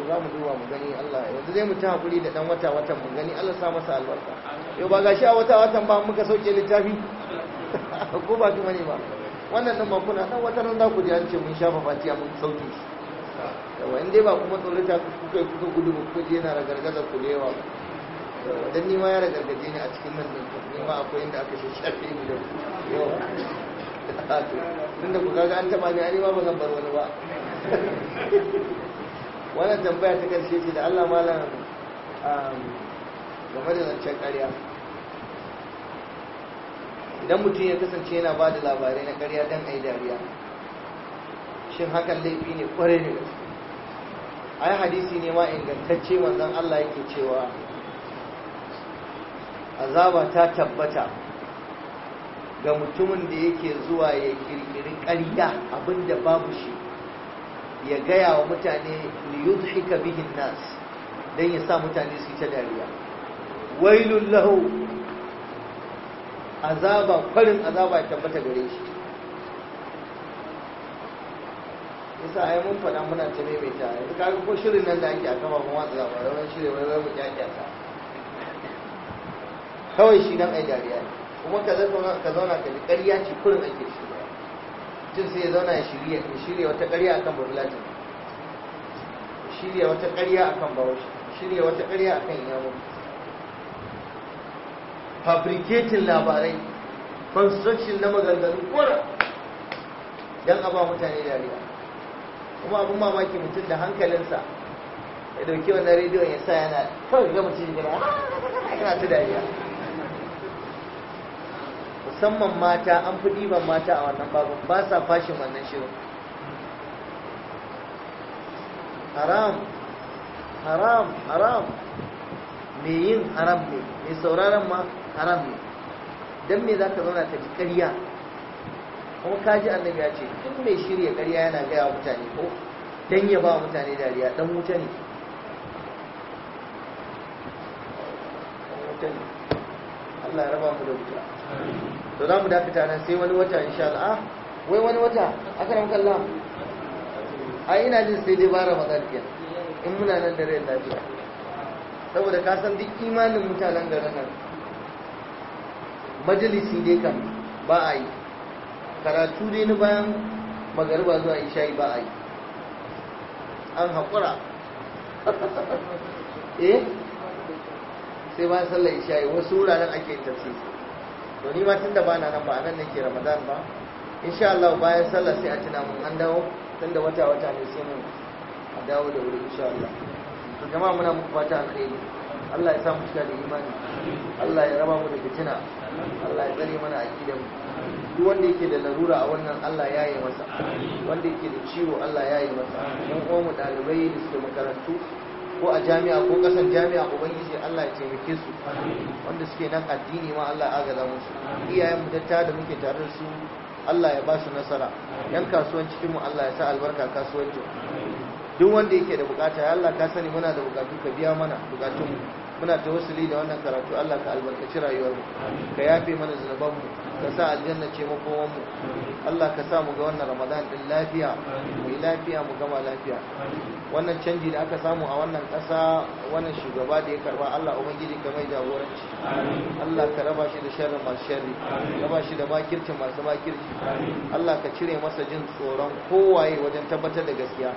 to za mu duba mu gani Allah yanzu zai mu ta hakuri da dan wata watan mu gani Allah sa masa albarka yau ba gashi a wata watan ba muka sauke littafi ko ba kuma ne ba wannan din ba kuna dan wata nan za ku ji an ce mun shafa fatiya mun sauke shi yawa in dai ba kuma tsorata kuka kuka gudu ku kai yana ragargaza ku da yawa dan ni ma ya ragargaje ni a cikin nan din ni ma akwai inda aka shafe ni da yawa tunda ku kaga an taba ni ani ma ba zan bar wani ba wannan tambaya ta karshe ce da Allah malam um, game da zancen ƙarya idan mutum ya kasance yana ba da labarai na ƙarya don a yi dariya shin hakan laifi ne ƙwarai ne ai hadisi ne ma ingantacce wanzan Allah yake cewa azaba ta tabbata ga mutumin da yake zuwa ya kirkiri ƙarya abinda babu shi ya gaya wa mutane ka bihin nas don ya sa mutane su ta dariya wailun lahu azaba farin azaba ya tabbata gare shi yasa yi mun fada muna ta tare da kaga ko shirin nan da ake a kama mun watsa ba rawar shirin wani wai mu kyakya ta kawai shi nan ai dariya ne kuma ka zauna ka zauna ka ji ƙarya ce kurin ake shi mutum sai ya zauna ya shirya ya shirya wata ƙarya akan burlatin shirya wata ƙarya akan bahaushe shirya wata ƙarya akan yamu fabricating labarai construction na maganganu kora don a ba mutane dariya kuma abin mamaki mutum da hankalinsa ya dauki wannan rediyon ya sa yana kawai ga mutum ya gina ah, yana ta dariya musamman mata an fi ɗiban mata a wannan babin ba sa fashin wannan shirin haram haram haram mai yin haram ne mai sauraron ma haram ne don me za ka zauna ta ji karya kuma kaji annabi ya ce duk mai shirya karya yana gaya wa mutane ko don ya ba mutane dariya dan wuta ne Allah ya raba mu da wuta to za mu dakata nan sai wani wata insha Allah wai wani wata akaram kallah a ina jin sai dai ba madalkiya in muna nan da rayuwa lafiya saboda ka san duk imanin mutanen garin nan majalisi dai kan ba a yi karatu dai na bayan magariba zuwa isha'i ba a yi an haƙura eh sai bayan sallar yi, wasu wuraren ake tafsiri to ni ma tunda bana nan ba anan nake Ramadan ba insha Allah bayan sallah sai a tuna mun an dawo tunda wata wata ne sai mun a dawo da wuri insha Allah to jama'a muna muku fata alheri Allah ya sa mu cika da imani Allah ya raba mu da fitina Allah ya tsare mana aqidar mu duk wanda yake da larura a wannan Allah ya yi masa wanda yake da ciwo Allah ya yi masa dan uwan mu dalibai da su makarantu ko a jami'a ko kasan jami'a ubangiji Allah ya taimake su wanda suke nan addini ma Allah ya agaza musu iyayen da da muke tare da su Allah ya ba su nasara yan kasuwan cikin mu Allah ya sa albarka kasuwancin duk wanda yake da bukata ya Allah ka sani muna da bukatu ka biya mana bukatun muna tawassuli da wannan karatu Allah ka albarkaci rayuwar mu ka yafe mana zunuban ka sa aljanna ce makoman mu Allah ka sa mu ga wannan Ramadan din lafiya mu yi lafiya mu gama lafiya wannan canji da aka samu a wannan ƙasa wannan shugaba da ya karba Allah ubangiji ka mai jagoranci Allah ka raba shi da sharrin masu sharri raba shi da makircin masu makirci Allah ka cire masa jin tsoron kowaye wajen tabbatar da gaskiya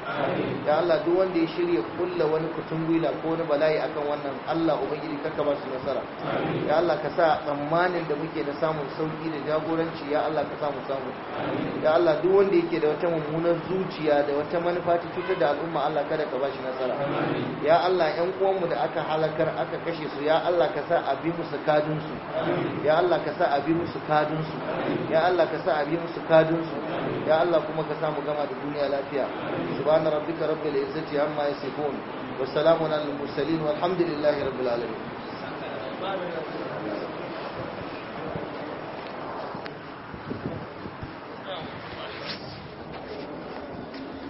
da Allah duk wanda ya shirya kulla wani kutungula ko wani bala'i akan wannan Allah ubangiji ka ka ba su nasara da Allah ka sa tsammanin da muke da samun sauki da jagoranci ya Allah ka samu samu ya Allah duk wanda yake da wata mummunar zuciya da wata manufa ta cutar da al'umma Allah kada ka bashi nasara ya Allah ƴan mu da aka halakar aka kashe su ya Allah ka sa abi musu kadun su ya Allah ka sa abi musu kadun su ya Allah ka sa abi musu kadun su ya Allah kuma ka samu gama da duniya lafiya subhana rabbika rabbil izzati amma yasifun wa salamun alal mursalin walhamdulillahi rabbil alamin